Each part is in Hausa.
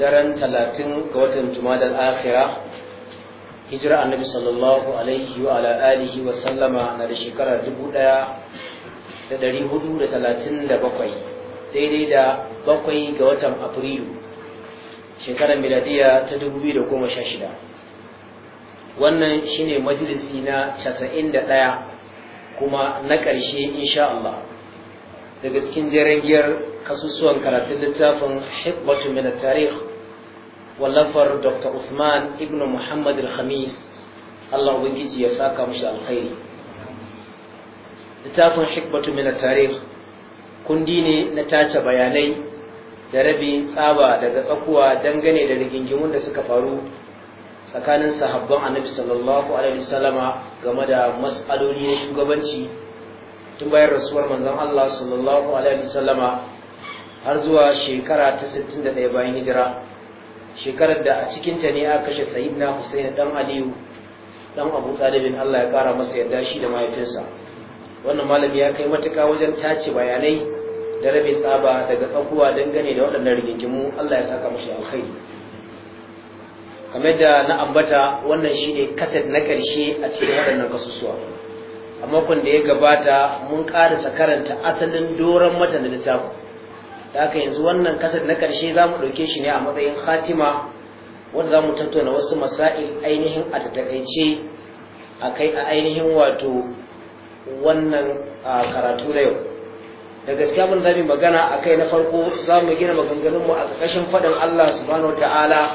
daren talatin ga watan jumadar akhira hijira annabi sallallahu alaihi wa ala alihi wa sallama na da shekarar dubu daya da dari hudu da talatin da bakwai daidai da bakwai ga watan afrilu shekarar miladiya ta dubu biyu da goma sha shida wannan shine majalisi na casa'in da ɗaya kuma na ƙarshe insha Allah daga cikin jerengiyar kasusuwan karatun littafin hibbatu min tarikh wallafar dr usman ibn muhammad al-khamis allah ubangiji ya saka mashi alkhairi littafin hikmatu min tarikh kundi ne na tace bayanai da rabi tsaba daga tsakuwa dangane da rigingimun da suka faru tsakanin sahabban annabi sallallahu alaihi wasallama game da mas'aloli na shugabanci tun bayan rasuwar manzon Allah sallallahu alaihi wasallama har zuwa shekara ta 61 bayan hijira shekarar da a cikinta ne aka kashe sayyidina Hussein dan Aliyu dan Abu Talib Allah ya kara masa yadda shi da mahaifinsa wannan malami ya kai matuka wajen tace bayanai da rabin tsaba daga tsakuwa dangane da waɗannan rigingimu Allah ya saka mashi alkhairi kamar da na ambata wannan shine kaset na ƙarshe a cikin waɗannan kasusuwa a makon da ya gabata mun ƙarasa karanta asalin doron matan da littafin da haka yanzu wannan kasar na ƙarshe za mu ɗauke shi ne a matsayin khatima wanda za mu tattauna wasu masa'il ainihin a taƙaice a kai a ainihin wato wannan karatu na yau da gaskiya mun zami magana a kai na farko za mu gina maganganunmu a ƙarƙashin faɗin Allah subhanahu ta'ala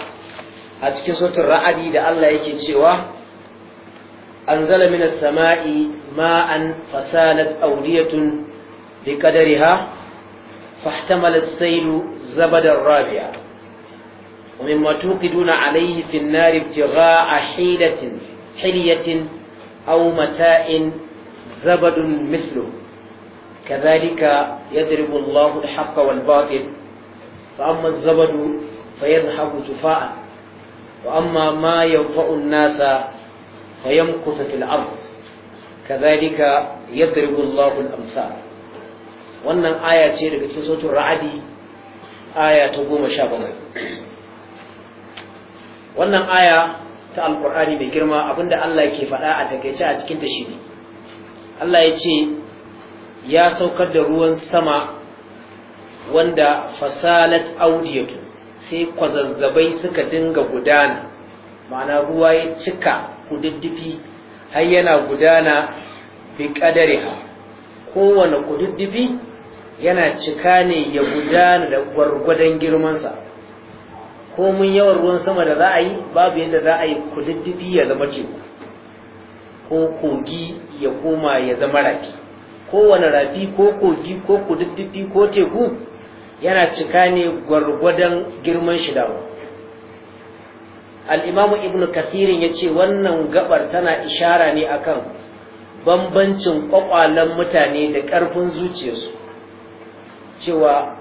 a cikin sautin ra'adi da Allah yake cewa anzala minas sama'i ma'an fasalat awdiyatun bi qadariha فاحتمل السيل زبد الرابع ومما توقدون عليه في النار ابتغاء حيلة حلية أو متاء زبد مثله كذلك يضرب الله الحق والباطل فأما الزبد فيذهب جفاء وأما ما ينفع الناس فيمكث في الأرض كذلك يضرب الله الأمثال wannan aya ce daga cikin sautin ra'adi aya ta goma sha bakwai wannan aya ta alkur'ani mai girma abinda Allah ke faɗa a takaice a cikin ta shine Allah ya ce ya saukar da ruwan sama wanda fasalat audiyatu sai kwazazzabai suka dinga gudana ma'ana ruwa ya cika kududdufi har yana gudana bi ha kowane kududdufi yana cika ne ya gudana da gwargwadon girmansa ko mun yawan ruwan sama da za a yi babu yadda za a yi kududdufi ya zama teku ko kogi ya koma ya zama rafi kowane rafi ko kogi ko kududdufi ko teku yana cika ne gwargwadon girman shi dawo al'imamu ibn kathirin ya ce wannan gabar tana ishara ne akan bambancin kwakwalen mutane da ƙarfin zuciyarsu cewa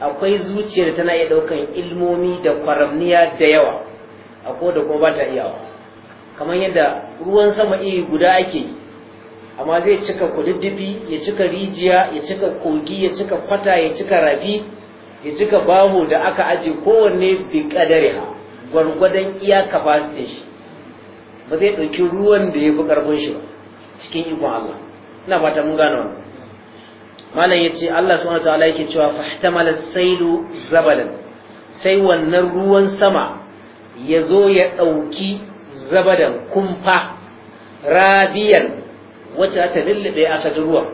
akwai zuciyar da tana iya ɗaukan ilmomi da kwaramniya da yawa a ko da kuma ba ta iyawa kamar yadda ruwan sama iri guda ake yi amma zai cika kududdufi ya cika rijiya ya cika kogi ya cika kwata ya cika rabi, ya cika baho da aka aje kowanne bi kadare ha gwargwadon iya shi ba zai ɗauki ruwan da ya fi ƙarfin shi ba cikin ikon Allah ina fata mun gane wannan malam yace Allah subhanahu wataala yake cewa fahtamala sailu zabalan sai wannan ruwan sama ya zo ya ɗauki zabadan kumfa rabiyan wacce ta lullube asadin ruwa,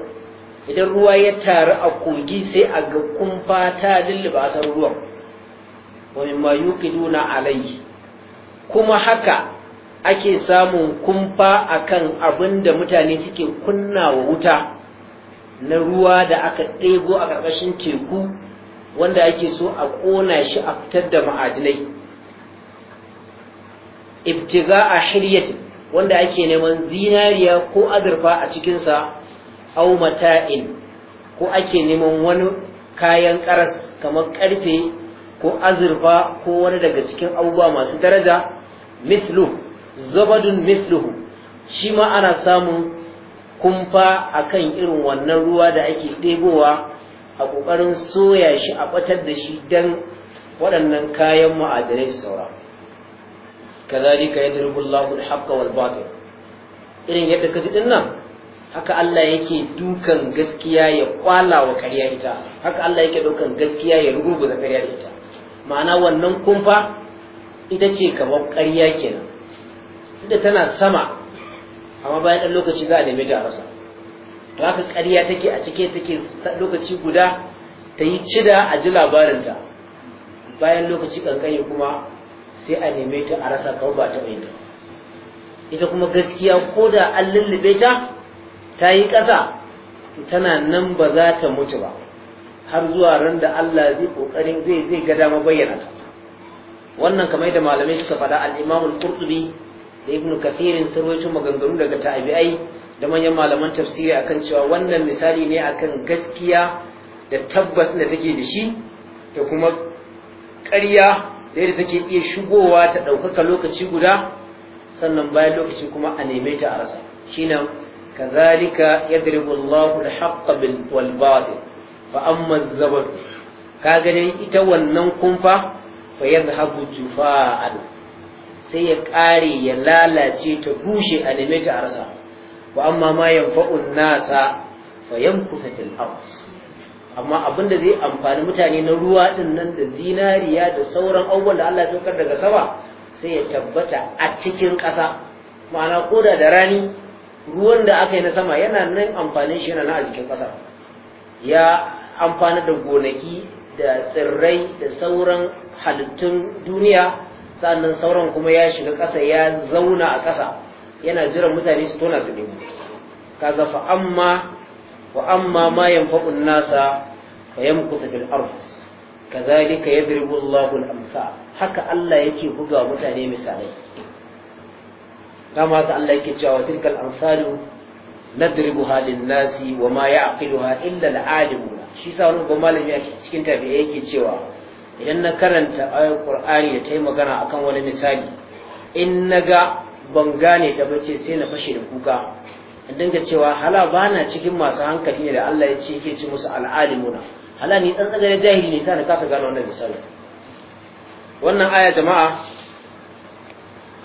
idan ruwa ya taru a kogi sai a ga kumfa ta lullube asadin ruwan wa mimma yuqiduna alayhi kuma haka ake samun kumfa akan abin da mutane suke kunna wa wuta na ruwa da aka ɗebo a ƙarƙashin teku wanda ake so a ƙona shi a fitar da ma'adinai ibtiga a hiryat wanda ake neman zinariya ko azurfa a cikinsa au mata'in ko ake neman wani kayan karas kamar karfe ko azurfa ko wani daga cikin abubuwa masu daraja mitlu, zabadun misluhu shi ma ana samun kumfa akan irin wannan ruwa da ake ɗebowa a ƙoƙarin soya shi a ɓatar da shi don waɗannan kayan ma'adanai su saura yi durbin lagun haqqa wal irin yadda ka din nan haka Allah yake dukan gaskiya ya kwala wa ƙarya ita haka Allah yake dukan gaskiya ya rugurguza ƙarya ita ma'ana wannan kumfa ita ce kamar karya kenan ita tana sama amma bayan ɗan lokaci za a neme ta rasa haka ƙarya take a cike take lokaci guda ta yi cida a ji labarinta bayan lokaci kankani kuma sai a neme ta a rasa kawai ba ta ta ita kuma gaskiya ko da an lullube ta ta yi ƙasa tana nan ba za ta mutu ba har zuwa ran da Allah zai kokarin zai zai ga dama bayyana ta wannan kamar da malamai suka faɗa al-Imam al-Qurtubi da ibn kathirin sun maganganu daga tabi'ai da manyan malaman tafsiri akan cewa wannan misali ne akan gaskiya da tabbas da take da shi da kuma ƙarya da yadda take iya shigowa ta ɗaukaka lokaci guda sannan bayan lokaci kuma a neme ta a rasa shine kazalika yadribu Allahu al-haqqa bil wal batil fa amma az-zabr kaga ita wannan kumfa fa yadhhabu jufa'an sai ya ƙare ya lalace ta bushe a neme ta arsa, rasa wa amma ma yanfa'un nasa fa kusa fil amma abin da zai amfani mutane na ruwa din nan da zinariya da sauran abubuwan da Allah ya saukar daga sama sai ya tabbata a cikin ƙasa ma'ana koda da rani ruwan da aka yi na sama yana nan amfanin shi yana nan a cikin ƙasa ya amfana da gonaki da tsirrai da sauran halittun duniya sannan sauran kuma ya shiga ƙasa ya zauna a ƙasa yana jiran mutane su tona su nemo kaga fa amma wa amma ma yanfa'u nasa fa yamkutu bil ard kadhalika yadribu Allahu al-amsal haka Allah yake buga mutane misalai kama ta Allah yake cewa tilkal amsalu nadribuha lin nasi wa ma ya'qiluha illa al-alimuna shi sa wani malami a cikin tabi'a yake cewa idan na karanta ayar qur'ani da ta yi magana akan wani misali in na ga ban gane ta bace sai na fashe da kuka in dinga cewa hala bana cikin masu hankali ne da Allah ya ce yake ci musu al'alimuna hala ni dan tsagare jahili ne ta na kasa gane wannan misali wannan aya jama'a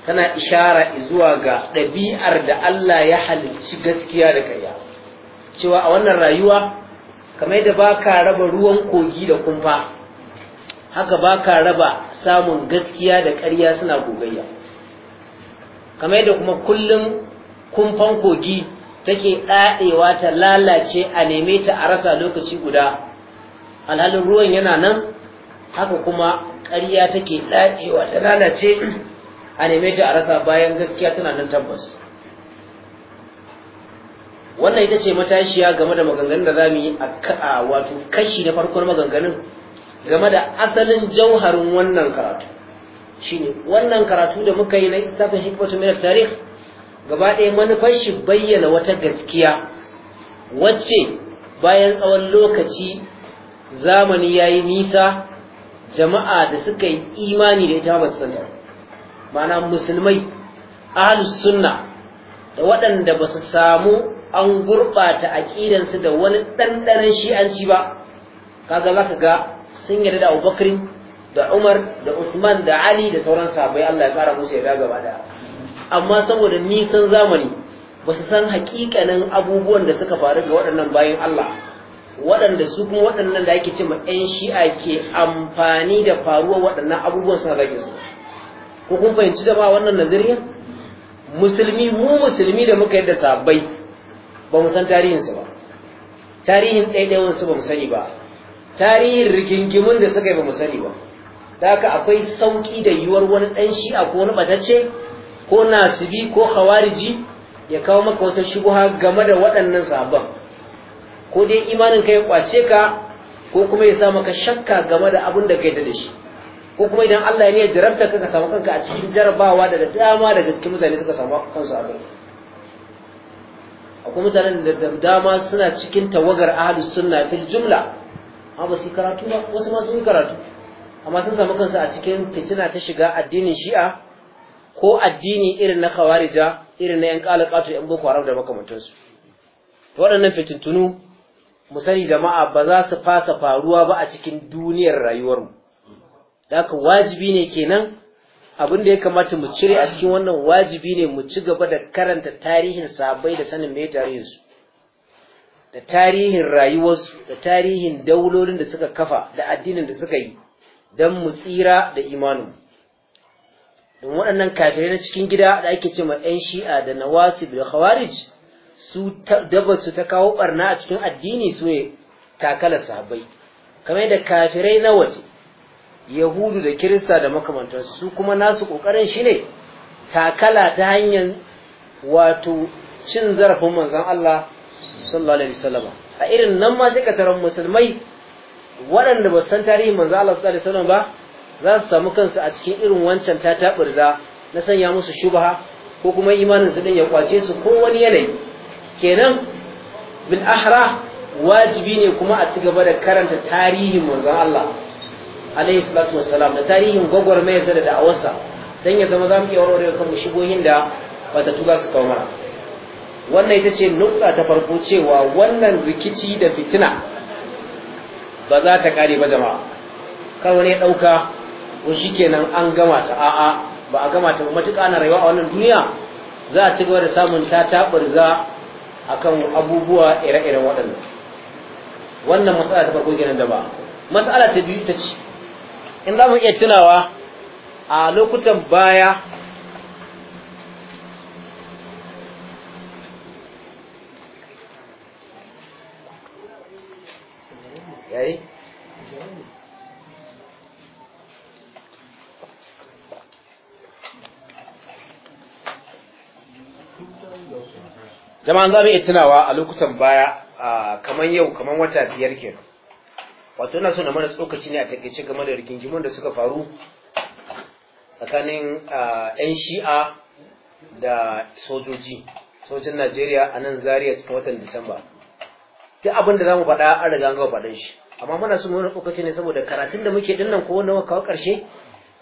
tana ishara zuwa ga ɗabi'ar da Allah ya halicci gaskiya da ƙarya cewa a wannan rayuwa kamar da baka raba ruwan kogi da kumfa haka ba ka raba samun gaskiya da ƙarya suna gogayya kamar yadda kuma kullum kumfan kogi take ɗaɗewa ta lalace a neme ta a rasa lokaci guda alhalin ruwan yana nan haka kuma ƙarya take ɗaɗewa ta lalace a neme ta a rasa bayan gaskiya tana nan tabbas wannan ita ce matashiya game da maganganun da za mu yi a wato kashi na farkon maganganun game da asalin jauharin wannan karatu shine wannan karatu da muka yi na littafin hikmatu mai tarih gaba ɗaya manufar shi bayyana wata gaskiya wacce bayan tsawon lokaci zamani ya yi nisa jama'a da suka yi imani da ita basu ma'ana musulmai ahlus sunna da waɗanda ba su samu an gurɓata aƙidansu da wani ɗanɗanon shi'anci ba kaga za ka ga sun yarda da Abubakar da Umar da Usman da Ali da sauran sahabbai Allah ya fara musu yarda gaba da amma saboda nisan zamani ba su san hakikanin abubuwan da suka faru ga waɗannan bayan Allah waɗanda su kuma waɗannan da ake cewa ƴan shi'a ke amfani da faruwa waɗannan abubuwan suna zage su ko kun fahimci da ba wannan nazariya musulmi mu musulmi da muka yadda sahabbai ba mu san tarihinsu ba tarihin ɗaiɗaiwansu ba mu sani ba tarihin rigingimun da suka yi ba mu ba da haka akwai sauki da yiwuwar wani ɗan shi'a ko wani ɓatacce ko nasibi ko hawariji ya kawo maka wata shubuha game da waɗannan sabon ko dai imanin ka ya kwace ka ko kuma ya sa maka shakka game da abin da kai da shi ko kuma idan Allah ya ne jarabta ka ka samu kanka a cikin jarabawa da dama daga cikin mutane suka samu kansu a akwai mutanen da dama suna cikin tawagar ahlus sunna fil jumla amma ba su yi karatu ba wasu ma sun yi karatu amma sun samu kansu a cikin fitina ta shiga addinin shi'a ko addini irin na khawarija irin na yan kalakatu yan boko haram da makamantansu waɗannan fitintunu mu sani jama'a ba za su fasa faruwa ba a cikin duniyar rayuwarmu da haka wajibi ne kenan abin da ya kamata mu cire a cikin wannan wajibi ne mu ci gaba da karanta tarihin sabai da sanin me tarihinsu da tarihin rayuwarsu da tarihin daulolin da suka kafa da addinin da suka yi don mu tsira da imanin don waɗannan kafirai na cikin gida da ake ce ma 'yan shi'a da nawasi da khawarij su dabar su ta kawo barna a cikin addini su ne takala sahabbai kamar da kafirai na waje yahudu da kirista da makamantarsu su kuma nasu ƙoƙarin shi ne takala ta hanyar wato cin zarafin manzon Allah sallallahu alaihi wasallam a irin nan ma sai ka taron musulmai waɗanda ba san tarihin manzo Allah sallallahu alaihi wasallam ba za su samu kansu a cikin irin wancan ta taɓurza na sanya musu shubha ko kuma imanin su din ya kwace su ko wani yanayi kenan bil ahra wajibi ne kuma a cigaba da karanta tarihin manzo Allah alaihi salatu wassalam da tarihin gwagwarmayar da da'awarsa dan ya zama zamu mu iya warware kan shubohin da ta tuga su kawo mana wannan ita ce nukta ta farko cewa wannan rikici da fitina ba za ta kare ba jama'a kar wani ya ɗauka ko kenan an gama ta a'a ba a gama ta matuƙa na rayuwa a wannan duniya za a ci da samun ta a kan abubuwa ire-iren waɗannan wannan matsala ta farko kenan jama'a matsala ta biyu ta ce in za mu iya tunawa a lokutan baya yayi jama'an za mu iya tunawa a lokutan baya kamar yau kamar wata biyar ke wato na so na mana tsokaci ne a takaice game da rigingimun da suka faru tsakanin 'yan shi'a da sojoji sojin najeriya a nan zariya cikin watan disamba duk abin da za mu faɗa an riga an gaba faɗin shi amma muna so mu tsokaci ne saboda karatun da muke dinnan ko wannan kawo karshe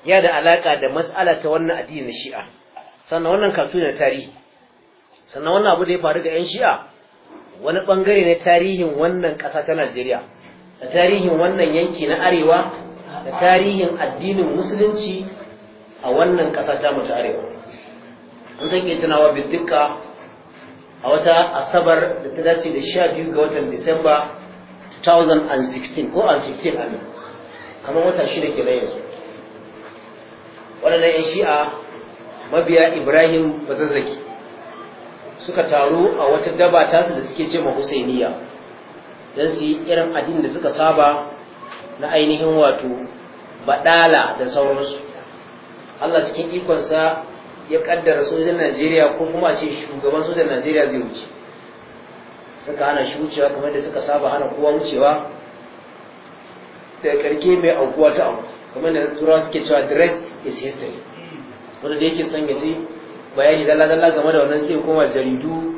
ya da alaka da mas'ala ta wannan addini na shi'a sannan wannan katu ne tarihi sannan wannan abu da ya faru ga yan shi'a wani bangare ne tarihin wannan ƙasa ta Najeriya da tarihin wannan yanki na arewa da tarihin addinin musulunci a wannan ƙasa ta mutu arewa An san iya tunawa bidduka a wata asabar da ta dace da sha biyu ga watan disamba 2016 ko 2016 amin kamar wata shi da ke su waɗannan 'yan shi'a mabiya ibrahim bazazzaki suka taru a wata daba tasu da suke ce ma husainiya don su yi irin addini da suka saba na ainihin wato baɗala da sauransu allah cikin ikonsa ya ƙaddara sojan najeriya ko kuma a ce shugaban sojan najeriya zai wuce suka hana shi wucewa kamar da suka saba hana kowa wucewa da karke mai aukuwa ta abu kamar da tura suke cewa direct is history wanda da yake son ya ji bayani dalla-dalla game da wannan sai kuma jaridu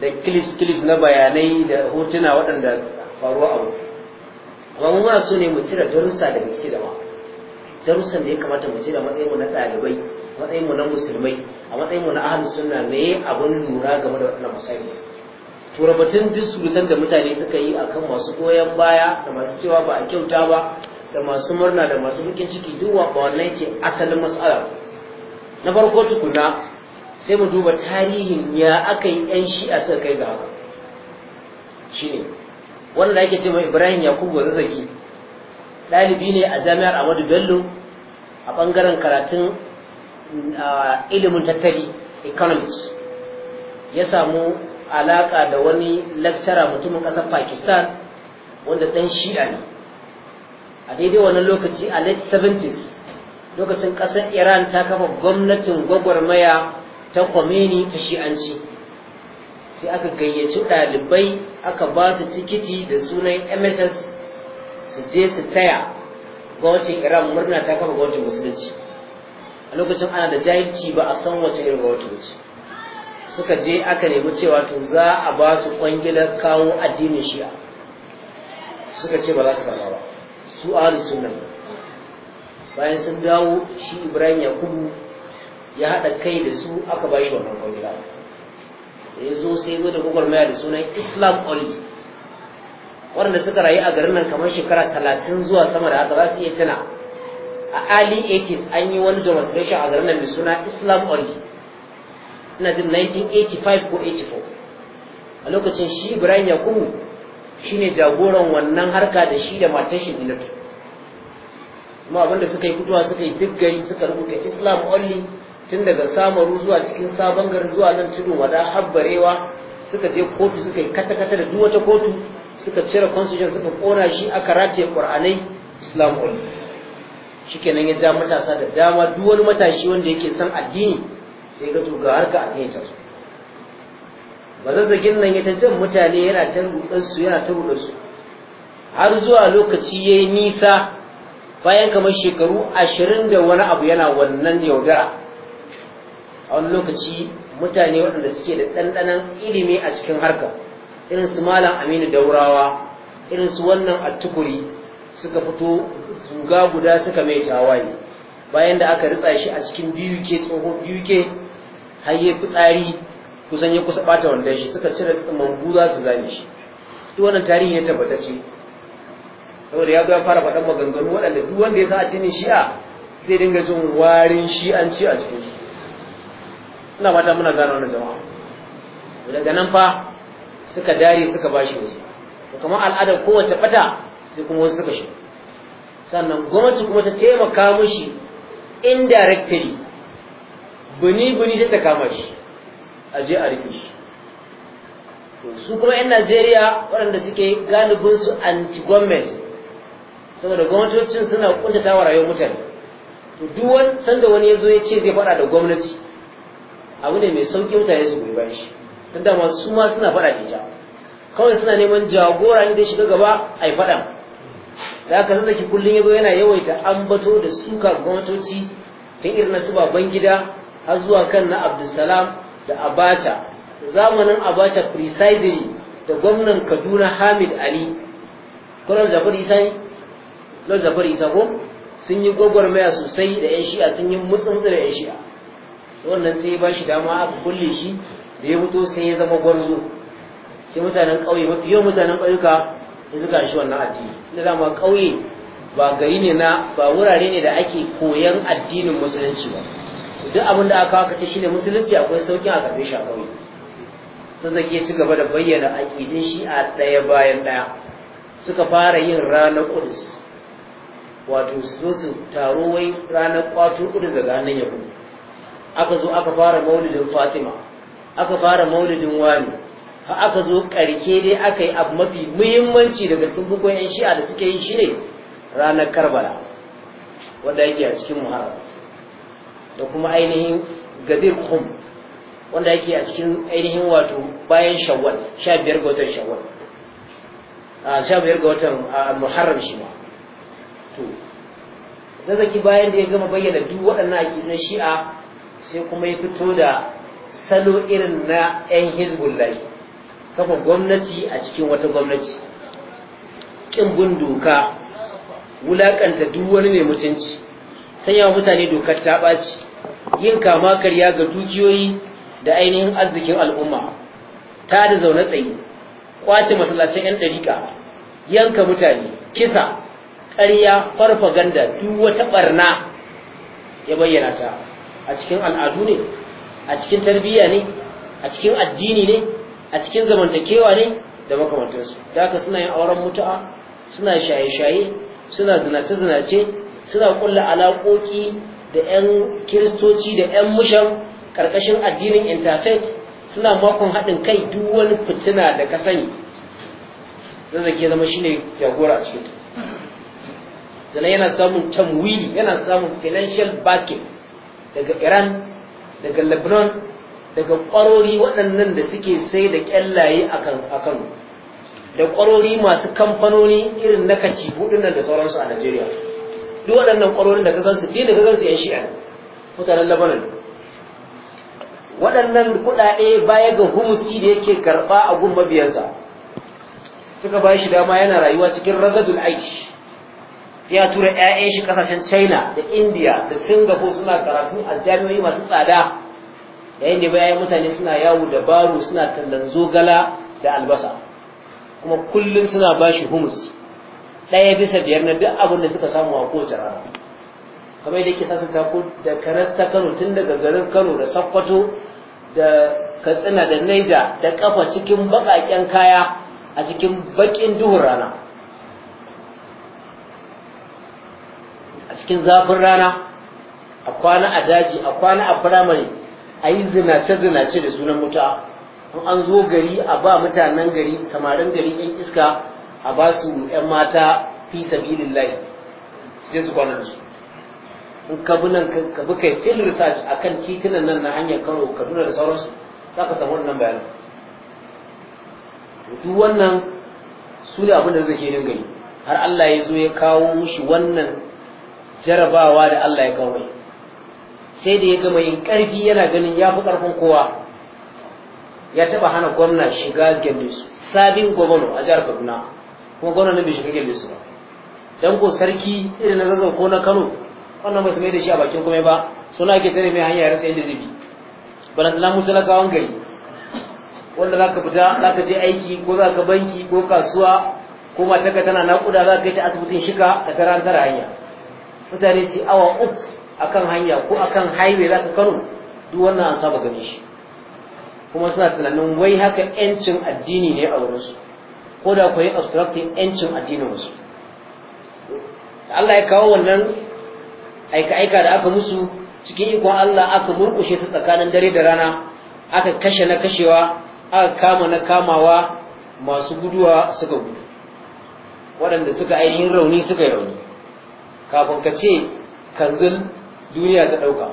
da clips-clips na bayanai da hotuna waɗanda faruwa abu amma mun ma su ne mu cire darussa da ciki da ma darussan da ya kamata mu cire matsayin mu na ɗalibai matsayin mu na musulmai a matsayin mu na ahlus sunna me abun lura game da wannan misali tura batun duk da mutane suka yi a kan masu goyon baya da masu cewa ba a kyauta ba da masu murna da masu bukin ciki duwa ba wannan ce asalin matsala na farko tukuna sai mu duba tarihin ya aka yi yan a suka kai ga haka ne wanda ake ce mai Ibrahim Yakubu Zazzagi ɗalibi ne a Jami'ar Amadu Bello a bangaren karatun ilimin tattali economics ya samu alaka da wani lakcara mutumin ƙasar pakistan wanda ɗan shi'a ne a daidai wannan lokaci a late 70s lokacin ƙasar iran ta kafa gwamnatin gwagwarmaya ta kwameni ta shi'anci sai aka gayyaci ɗalibai aka ba su tikiti da sunan mss su je su taya gwamnatin iran murna ta kafa gwamnatin musulunci a lokacin ana da jahilci ba a san wace irin gwamnati ce suka je aka nemi cewa to za a ba su kwangilar kawo addinin shi'a suka ce ba za su karɓa ba su ahli sunna bayan sun dawo shi ibrahim yakubu ya haɗa kai da su aka bayi kan kwangila da ya zo sai zo da gwagwarmaya da sunan islam oli waɗanda suka rayu a garin nan kamar shekara talatin zuwa sama da haka za su iya tuna a Ali 80 an yi wani demonstration a garin nan mai suna islam oli ina jin 1985 ko 84 a lokacin shi ibrahim yakubu shine jagoran wannan harka da shi da matan shi zinatu kuma abinda suka yi fitowa suka yi duk gari suka rubuta islam only tun daga samaru zuwa cikin sabon garin zuwa nan tudun wada habbarewa suka je kotu suka yi kata-kata da duwata kotu suka cire constitution suka kona shi aka rataye qur'anai islam only shikenan ya ja matasa da dama duk matashi wanda yake son addini sai ka ga harka a kan su bazazzagin nan ya ta jan mutane yana ta rudar su yana ta rudar su har zuwa lokaci ya yi nisa bayan kamar shekaru ashirin da wani abu yana wannan yaudara a wani lokaci mutane waɗanda suke da ɗanɗanon ilimi a cikin harka irin su malam aminu daurawa irin su wannan tukuri suka fito zuga guda suka mai tawaye bayan da aka ritsa shi a cikin biyu ke tsoho biyu ke har yayi fitsari kusan ya kusa ɓata wanda shi suka cire za su zane shi duk wannan tarihi ya tabbata ce saboda ya zo ya fara faɗan maganganu waɗanda duk wanda ya sa addinin shi'a zai dinga jin warin shi'anci a cikin su ina fata muna gano wannan jama'a daga nan fa suka dare suka bashi wasu kamar al'adar kowace ɓata sai kuma wasu suka shi sannan gwamnati kuma ta taimaka mushi indirectly buni buni ta kama shi a je a rufe shi su kuma 'yan najeriya waɗanda suke galibin su anti-government saboda gwamnatocin suna kuntata wa rayuwar mutane to duk wani sanda wani ya zo ya ce zai faɗa da gwamnati abu ne mai sauƙi mutane su goyi bashi don dama su ma suna faɗa da ita kawai suna neman jagora ne da shiga gaba a yi faɗan da aka zazzaki kullum ya zo yana yawaita ambato da suka gwamnatoci ta irin na su gida har zuwa kan na abdulsalam da abacha zamanin abacha presiding da gwamnan kaduna hamid ali kuran zafar isa lord zafar isa ko sun yi gwagwarmaya sosai da yan shi'a sun yi mutsuntsu da yan shi'a wannan sai ba shi dama aka kulle shi da ya mutu sai ya zama gwarzo sai mutanen ƙauye mafi yawan mutanen ƙauyuka ya zuga shi wannan addini da dama ƙauye ba gari ne na ba wurare ne da ake koyan addinin musulunci ba duk abin da aka haka ce shine musulunci akwai sauƙin a karbe shi a kawai zazzaki ya ci gaba da bayyana aƙidin shi a ɗaya bayan ɗaya suka fara yin ranar ƙudus wato su su taro wai ranar ƙwato ƙudus daga hannun yabo aka zo aka fara maulidin fatima aka fara maulidin wani fa aka zo ƙarke dai aka yi abu mafi muhimmanci daga cikin bukon 'yan shi'a da suke yi shi ne ranar karbala wanda yake a cikin muharram da kuma ainihin gadir kum wanda yake a cikin ainihin wato bayan shawwal sha biyar ga watan shawwal a sha biyar ga watan muharram shi ma to zazzaki bayan da ya gama bayyana duk waɗannan aƙidun shi'a sai kuma ya fito da salo irin na 'yan hizbullahi kafa gwamnati a cikin wata gwamnati Kin bin doka wulaƙanta duk wani mai mutunci sanya mutane dokar ta ɓaci yin kama karya ga dukiyoyi da ainihin arzikin al'umma ta da zaune tsaye kwace masallacin 'yan ɗariƙa yanka mutane kisa ƙarya farfaganda duk wata ɓarna ya bayyana ta a cikin al'adu ne a cikin tarbiyya ne a cikin addini ne a cikin zamantakewa ne da makamantarsu da haka suna yin auren mutu'a suna shaye-shaye suna zinace-zinace suna kulla alaƙoƙi da 'yan kiristoci da 'yan mushan ƙarƙashin addinin interfaith suna makon haɗin kai duk wani fitina da ka sani zazzage zama shi ne jagora a cikin sannan yana samun tamwili yana samun financial backing daga iran daga lebanon daga ƙwarori waɗannan da suke sai da ƙyallaye a kano da ƙwarori masu kamfanoni irin na kaci hudunan da sauransu a najeriya duk waɗannan ƙwarorin da ka gansu ɗin da ka gansu yan shi'a mutanen labanan waɗannan kuɗaɗe baya ga humusi da yake karɓa a gun mabiyansa suka ba shi dama yana rayuwa cikin ragadul aiki. ya tura 'ya'yan shi ƙasashen china da india da singapore suna karatu a jami'o'i masu tsada yayin da bayan mutane suna yawo da baro suna tallan zogala da albasa kuma kullum suna ba shi humusi ɗaya bisa biyar na duk abin da suka samu a kowace rana kamar yadda yake sasanta ko da karas ta kano tun daga garin kano da sakkwato da katsina da naija da kafa cikin baƙaƙen kaya a cikin baƙin duhun rana a cikin zafin rana a kwana a daji a kwana a firamare a yi zinace-zinace da sunan mutuwa in an zo gari a ba mutanen gari samarin gari yan iska a ba su ‘yan mata fi sabilin su sai su kwana su in ka bi nan ka bi kai fil research a kan titunan nan na hanyar kano kaduna da sauransu za ka samu wannan bayanin duk wannan su ne abin da zai ke gani har Allah ya zo ya kawo mushi wannan jarabawa da Allah ya kawo sai da ya gama yin ƙarfi yana ganin ya fi ƙarfin kowa ya taɓa hana gwamna shiga su sabin gwamna a jihar kaduna kuma gwamnan nan bai shiga gelle su ba dan ko sarki irin na zazzau ko na Kano wannan bai mai da shi a bakin komai ba suna ake tare mai hanya ya rasa yadda zai bi balan na kawon gari wanda zaka fita zaka je aiki ko zaka banki ko kasuwa ko matarka tana nakuda za ka yi ta asibitin shika da tara hanya mutane ce awa uku akan hanya ko akan highway za ka kano duk wannan an saba gani shi kuma suna tunanin wai haka yancin addini ne a wurinsu ko da ku yi obstructing yancin addinin Da Allah ya kawo wannan aika-aika da aka musu cikin ikon Allah aka murkushe su tsakanin dare da rana aka kashe na kashewa aka kama na kamawa masu guduwa suka gudu waɗanda suka ainihin rauni suka yi rauni kafin ka ce kanzil duniya ta ɗauka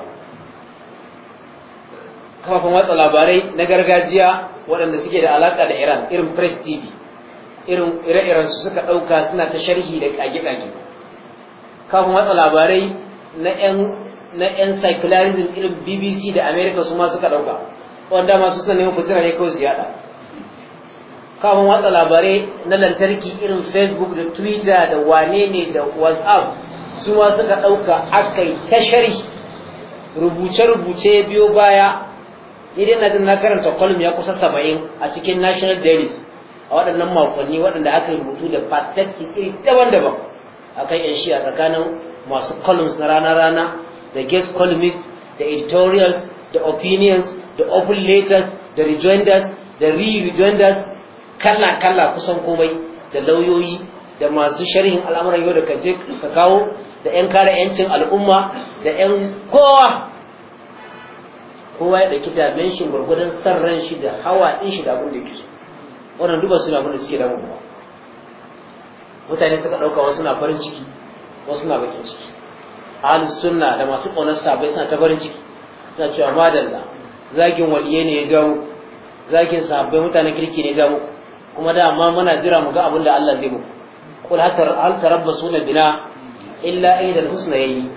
kafin watsa labarai na gargajiya waɗanda suke da alaƙa da iran irin press tv irin ire-iren su suka ɗauka suna ta sharhi da ƙage-ƙage kafin watsa labarai na 'yan na irin bbc da america su ma suka ɗauka wanda masu suna neman fitina ne kawai su yaɗa kafin watsa labarai na lantarki irin facebook da twitter da wane ne da whatsapp su ma suka ɗauka akai ta sharhi rubuce-rubuce biyo baya idan na jin na karanta column ya kusa 70 a cikin national dailies a waɗannan makonni waɗanda aka rubutu da fatatti iri daban-daban a kan yan shi'a tsakanin masu columns na rana-rana da guest columns da editorials da opinions da open letters da rejoinders da re-rejoinders Kala kalla kusan komai da lauyoyi da masu sharhin al'amuran yau da kaje ka kawo da 'yan kare 'yancin al'umma da 'yan kowa kowa ya ɗauki damen shi gwargwadon san ran shi da hawa ɗin shi da abin da yake so wannan duba suna abin da suke damu ba mutane suka ɗauka wasu na farin ciki wasu na bakin ciki ahli sunna da masu ƙaunar sabai suna ta farin ciki suna cewa madalla zagin waliye ne ya jawo zagin sabai mutanen kirki ne ya jawo kuma da amma muna jira mu ga abin da Allah zai muku al hal na bina illa aidan husna yayi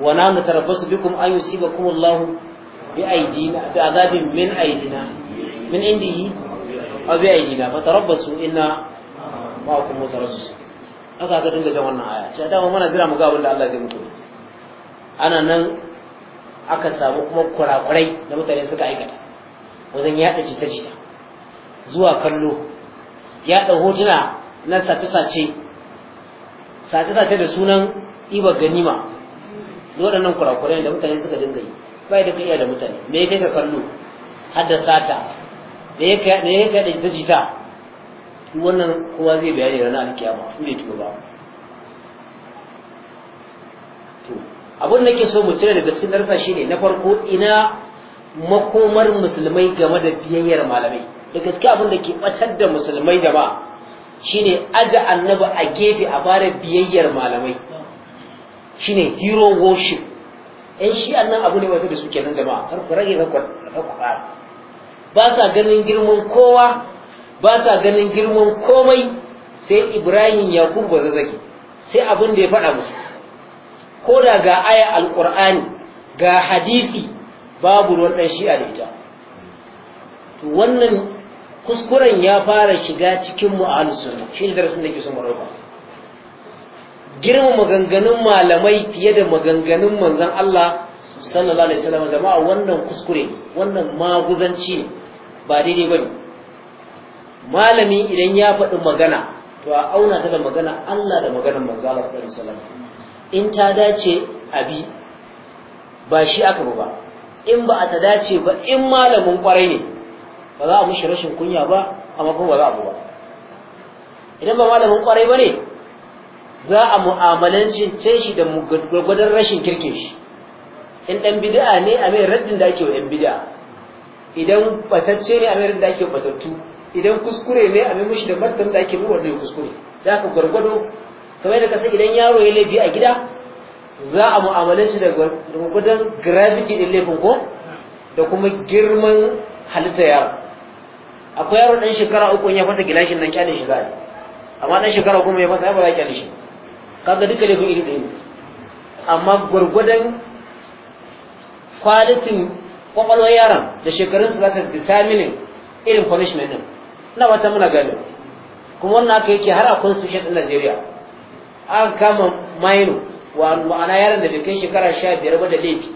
wa na tarabbasu bikum an yusibakum Allah bi aidina bi azabin min aidina min indihi rabba su ina fa tarabbasu inna ma'akum su. aka aka dinga jan wannan aya cewa dama mana jira mu ga abin da Allah zai mutu ana nan aka samu kuma kurakurai da mutane suka aikata wajen yaɗa jita-jita zuwa kallo yaɗa hotuna na sace-sace sace-sace da sunan iba ganima da waɗannan kurakurai da mutane suka dinga yi bai da ka da mutane me kai ka kallo har da sata Da ya kaɗa ta jita wannan kowa zai bayani ranar alkiyama in bai tuba ba abin da ke so mu cire daga cikin darsa shine na farko ina makomar musulmai game da biyayyar malamai da gaske abin da ke batar da musulmai da ba shine aja annabi a gefe a bada biyayyar malamai shine hero worship yan shi annan abu ne wata da suke nan jama'a kar ku rage kar ku ƙara ba sa ganin girman kowa ba sa ganin girman komai sai ibrahim yakub ba zazzage sai abin da ya faɗa musu ko da ga aya alƙur'ani ga hadisi babu ruwan ɗan shi'a da ita wannan kuskuren ya fara shiga cikin mu a sunna shi ne darasin da ke son marauka girma maganganun malamai fiye da maganganun manzon Allah sallallahu alaihi wasallam jama'a wannan kuskure wannan maguzanci ne ba daidai bane malami idan ya faɗi magana to a auna ta da magana Allah da maganar manzo Allah sallallahu alaihi in ta dace abi ba shi aka ba in ba a ta dace ba in malamin kwarai ne ba za a mushi rashin kunya ba amma ko ba za a ba idan ba malamin kwarai ba ne za a ce shi da gwargwadon rashin kirkin shi in ɗan bid'a ne a mai raddin da ake wa 'yan bid'a idan batacce ne a mayar da ake batattu idan kuskure ne a mushi da martan da ake ruwa ne kuskure za ka gwargwado kamar da kasa idan yaro ya laifi a gida za a mu'amalar shi da gwargwadon gravity din laifin ko da kuma girman halitta yaro akwai yaro dan shekara uku ya fasa gilashin nan kyalin shi zai amma dan shekara kuma ya fasa ya ba za kyalin shi kaga duka laifin iri ɗaya amma gwargwadon kwalitin kwakwalwar yaron da shekarunsu za ta determine irin punishment din na wata muna gani kuma wannan aka yake har a constitution din Najeriya aka kama maino wa ma'ana yaron da bai kai shekara sha biyar ba da laifi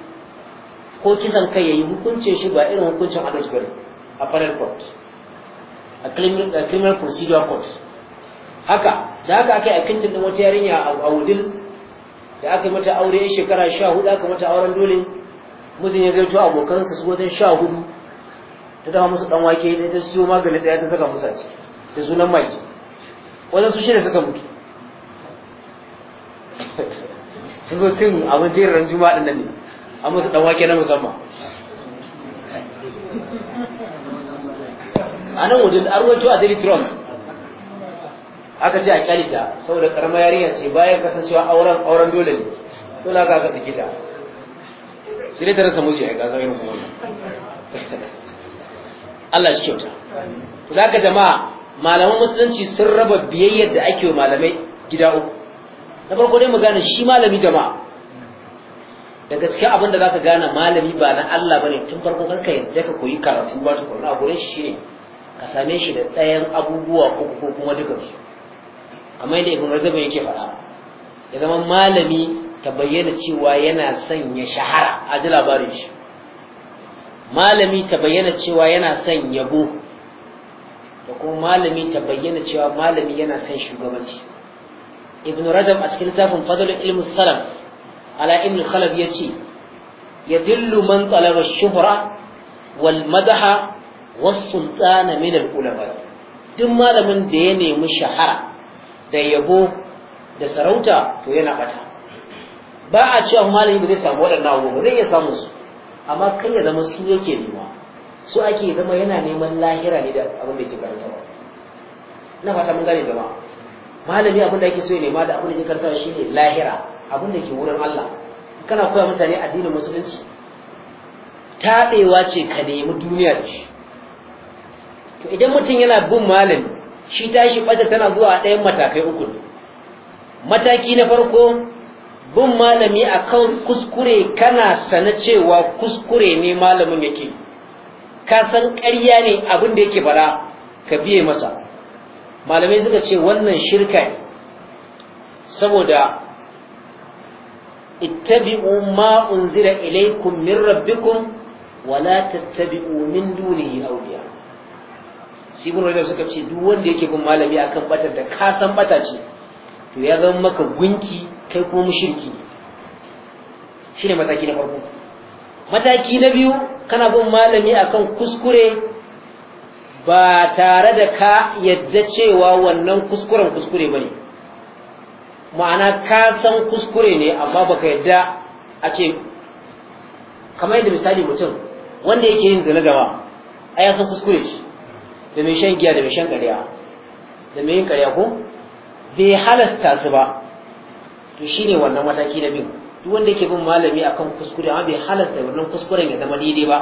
ko kisan kai yayi hukuncin shi ba irin hukuncin adult bane a federal court a criminal procedure court haka da haka aka yi a kintin din wata yarinya a wudil da aka mata aure shekara sha hudu aka mata auren dole mutum ya gaito abokansa su wajen sha hudu ta dama musu dan wake ne ta siyo magani daya ta saka musa ce da sunan maki wajen su shida suka mutu sun zo cin abin jerin juma din nan ne an musu dan wake na musamman a nan wajen arwato a daily trust aka ce a kyalita saboda karamar yarinya ce bayan kasancewa auren auren dole ne sun ka ka sake ta sai dai ta rasa miji ai gazar irin wannan Allah shi kyauta zaka jama'a malaman musulunci sun raba biyayyar da ake wa malamai gida uku na farko dai mu gane shi malami jama'a daga cikin abin da zaka gane malami ba na Allah bane tun farko karka yadda ka koyi karatu ba ta a gurin shi ne ka same shi da tsayan abubuwa uku ko kuma dukansu kamar yadda ibn rajab yake faɗa ya zama malami ta bayyana cewa yana son ya shahara a ji labarin shi malami ta bayyana cewa yana son yabo da kuma malami ta bayyana cewa malami yana son shugabanci ibn rajab a cikin littafin fadlul ilmi salam ala ibn khalab ya ce yadillu man talaba shuhra wal madaha was sultana min al ulama duk malamin da ya nemi shahara da yabo da sarauta to yana bata ba a cewa malami ba zai samu waɗannan abubuwa zai iya samu su amma kan ya zama su yake nema su ake zama yana neman lahira ne da abin da yake karanta ba na fata mun gane jama'a malami abin da yake so ya nema da abin da yake karanta shi ne lahira abin da ke wurin Allah kana koya mutane addinin musulunci taɓewa ce ka nemi duniya ce to idan mutum yana bin malami shi tashi bata tana zuwa a ɗayan matakai uku mataki na farko bin malami akan kuskure kana sana cewa kuskure ne malamin yake ka san ƙarya ne abin da yake fara ka biye masa malamai suka ce wannan shirka ne saboda ittabi'u ma unzira ilaykum min rabbikum wala tattabi'u min dunihi awliya sibin rajab suka ce duk wanda yake bin malami akan batar da ka san bata ce to ya zama maka gunki kai kuma mushirki shi ne mataki na farko mataki na biyu kana bin malami akan kuskure ba tare da ka yadda cewa wannan kuskuren kuskure ba ne ma'ana ka san kuskure ne amma baka yadda a ce kamar yadda misali mutum wanda yake yin zane gaba a ya san kuskure shi da mai shan giya da mai shan ƙarya da mai yin ƙarya ko bai halasta su ba to shi ne wannan mataki na biyu duk wanda yake bin malami akan kuskure amma bai halasta wannan kuskuren ya zama daidai ba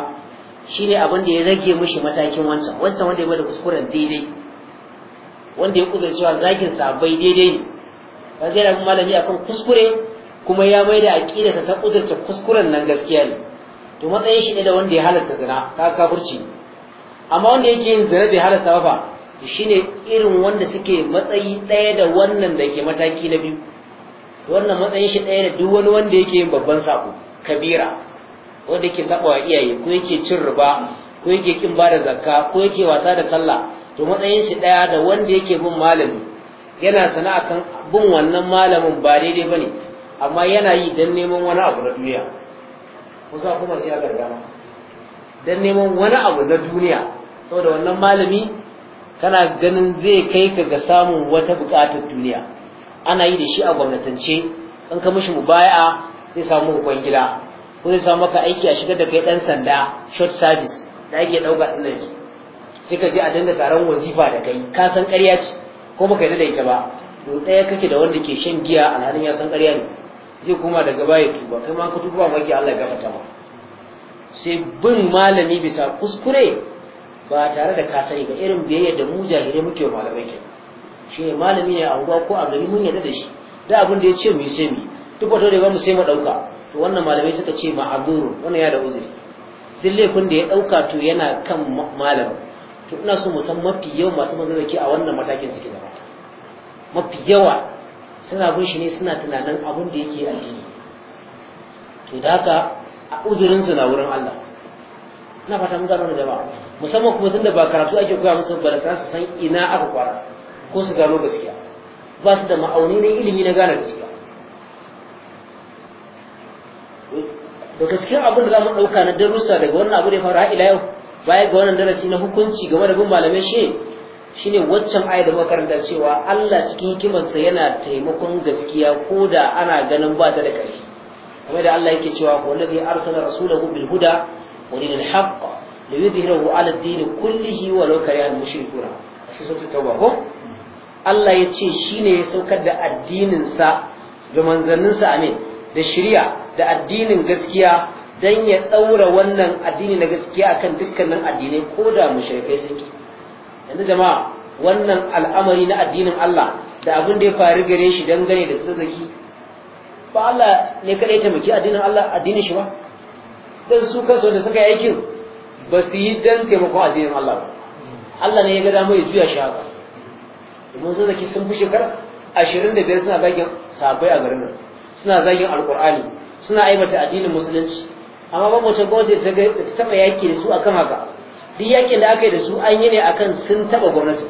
shi ne abin da ya rage mishi matakin wancan wancan wanda ya bada kuskuren daidai wanda ya kuzurce cewa zagin sabai daidai ne ba zai rabu malami akan kuskure kuma ya mai da aƙida ta kuzurce kuskuren nan gaskiya ne to matsayin shi ne da wanda ya halatta zina ka kafurci amma wanda yake yin zina bai halatta ba shine irin wanda suke matsayi ɗaya da wannan da ke mataki na biyu wannan matsayin shi ɗaya da duk wani wanda yake yin babban sako kabira wanda yake zaɓawa iyaye ko yake cin riba ko yake kin ba da zakka ko yake wasa da sallah to matsayin shi ɗaya da wanda yake bin malami yana sana'a kan bin wannan malamin ba daidai ba ne. amma yana yi don neman wani abu na duniya kusa kuma sai ya gargama Don neman wani abu na duniya saboda wannan malami kana ganin zai kai ka ga samun wata buƙatar duniya ana yi da shi a gwamnatance in ka mishi baya, zai samu hukun gida ko zai samu maka aiki a shigar da kai ɗan sanda short service da ake ɗauka ɗin nan sai ka je a dinga taron wazifa da kai ka san ƙarya ce ko baka yi da ita ba to ɗaya kake da wanda ke shan giya alhalin ya san ƙarya ne zai koma daga baya tuba kai ma ka tuba maki Allah ya gafarta ma sai bin malami bisa kuskure ba tare da ka ba irin biyayya da mu jahire muke malamai ke shi ne malami ne a unguwa ko a gari mun yarda da shi da abin da ya ce mu yi sai mu duk wato da ba mu sai mu dauka to wannan malamai suka ce ma ma'azuru wannan ya da uzuri duk laifin da ya ɗauka to yana kan malamin to ina so mu san mafi yawa masu manzarki a wannan matakin suke zama mafi yawa suna bin shi ne suna tunanin abin da yake addini to da haka uzurinsu na wurin Allah ina fata mun gano da jama'a musamman kuma tunda ba karatu ake koya musu ba da su san ina aka kwara ko su gano gaskiya ba su da ma'auni na ilimi na gane gaskiya da gaskiya abin da za mu ɗauka na darussa daga wannan abu da ya faru har ila yau baya ga wannan darasi na hukunci game da bin malamai shi shine waccan ayat da makaranta cewa Allah cikin hikimarsa yana taimakon gaskiya ko da ana ganin ba ta da ƙarfi kamar da Allah yake cewa wallazi arsala rasulahu bil huda ولين الحق ليظهره على الدين كله ولو كره المشركون cikin sautin tauba ko Allah ya ce shi ne ya saukar da addininsa ga manzanninsa a da shirya da addinin gaskiya don ya ɗaura wannan addini na gaskiya akan dukkanin addinai ko da mushrikai suke yanzu jama'a wannan al'amari na addinin Allah da abin da ya faru gare shi dangane da sadaki ba Allah ne kadai ya taimaki addinin Allah addinin shi ba dan su kansu da suka yi aikin ba su yi dan taimakon addinin Allah ba Allah ne ya ga dama ya juya shi haka domin sun zaki sun fi shekara ashirin da biyar suna zagin sabai a garin nan suna zagin alkur'ani suna aibata addinin musulunci amma babu wata gwamnati ta taɓa yaƙi da su akan haka duk yaƙin da aka yi da su an yi ne akan sun taɓa gwamnati.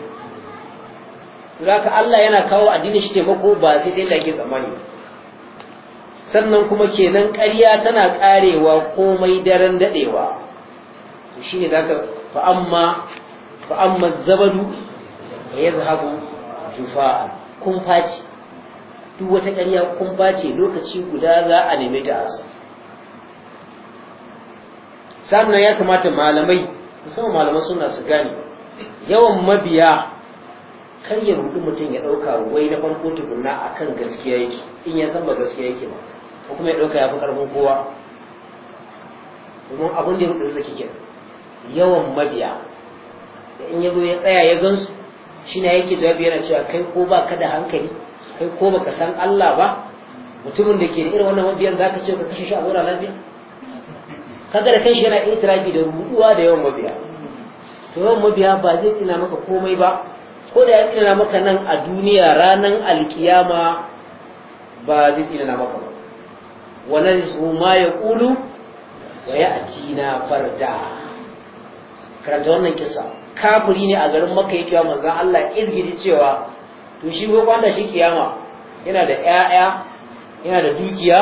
Zaka Allah yana kawo addinin shi taimako ba sai dai da ake tsammani ba. sannan kuma kenan ƙarya tana ƙarewa komai daren daɗewa shi ne zaka fa'amma fa'amma zabadu da yi zahabu jufa'a kun duk wata ƙarya kun lokaci guda za a neme ta asu sannan ya kamata malamai musamman malamai suna su gane yawan mabiya kar ya rudu mutum ya ɗauka wai na farko tukunna akan gaskiya yake in ya san ba gaskiya yake ba ko kuma ya ɗauka ya fi ƙarfin kowa domin abin da ya rudu zaki kenan yawan mabiya da in yazo ya tsaya ya gansu shi ne yake jawabi yana cewa kai ko ba ka da hankali kai ko baka san Allah ba mutumin da ke da irin wannan mabiyan za ka ce ka kashe shi a wurin lafiya kaga da kanshi yana itirafi da ruduwa da yawan mabiya to yawan mabiya ba zai tsina maka komai ba ko da ya tsina maka nan a duniya ranan alkiyama ba zai tsina maka ba وننسوا ما يقول ويأتينا فردا karanta wannan kisa kafiri ne a garin maka yake wa manzon Allah izgiri cewa to shi ko kwanda shi kiyama yana da ƴaƴa yana da dukiya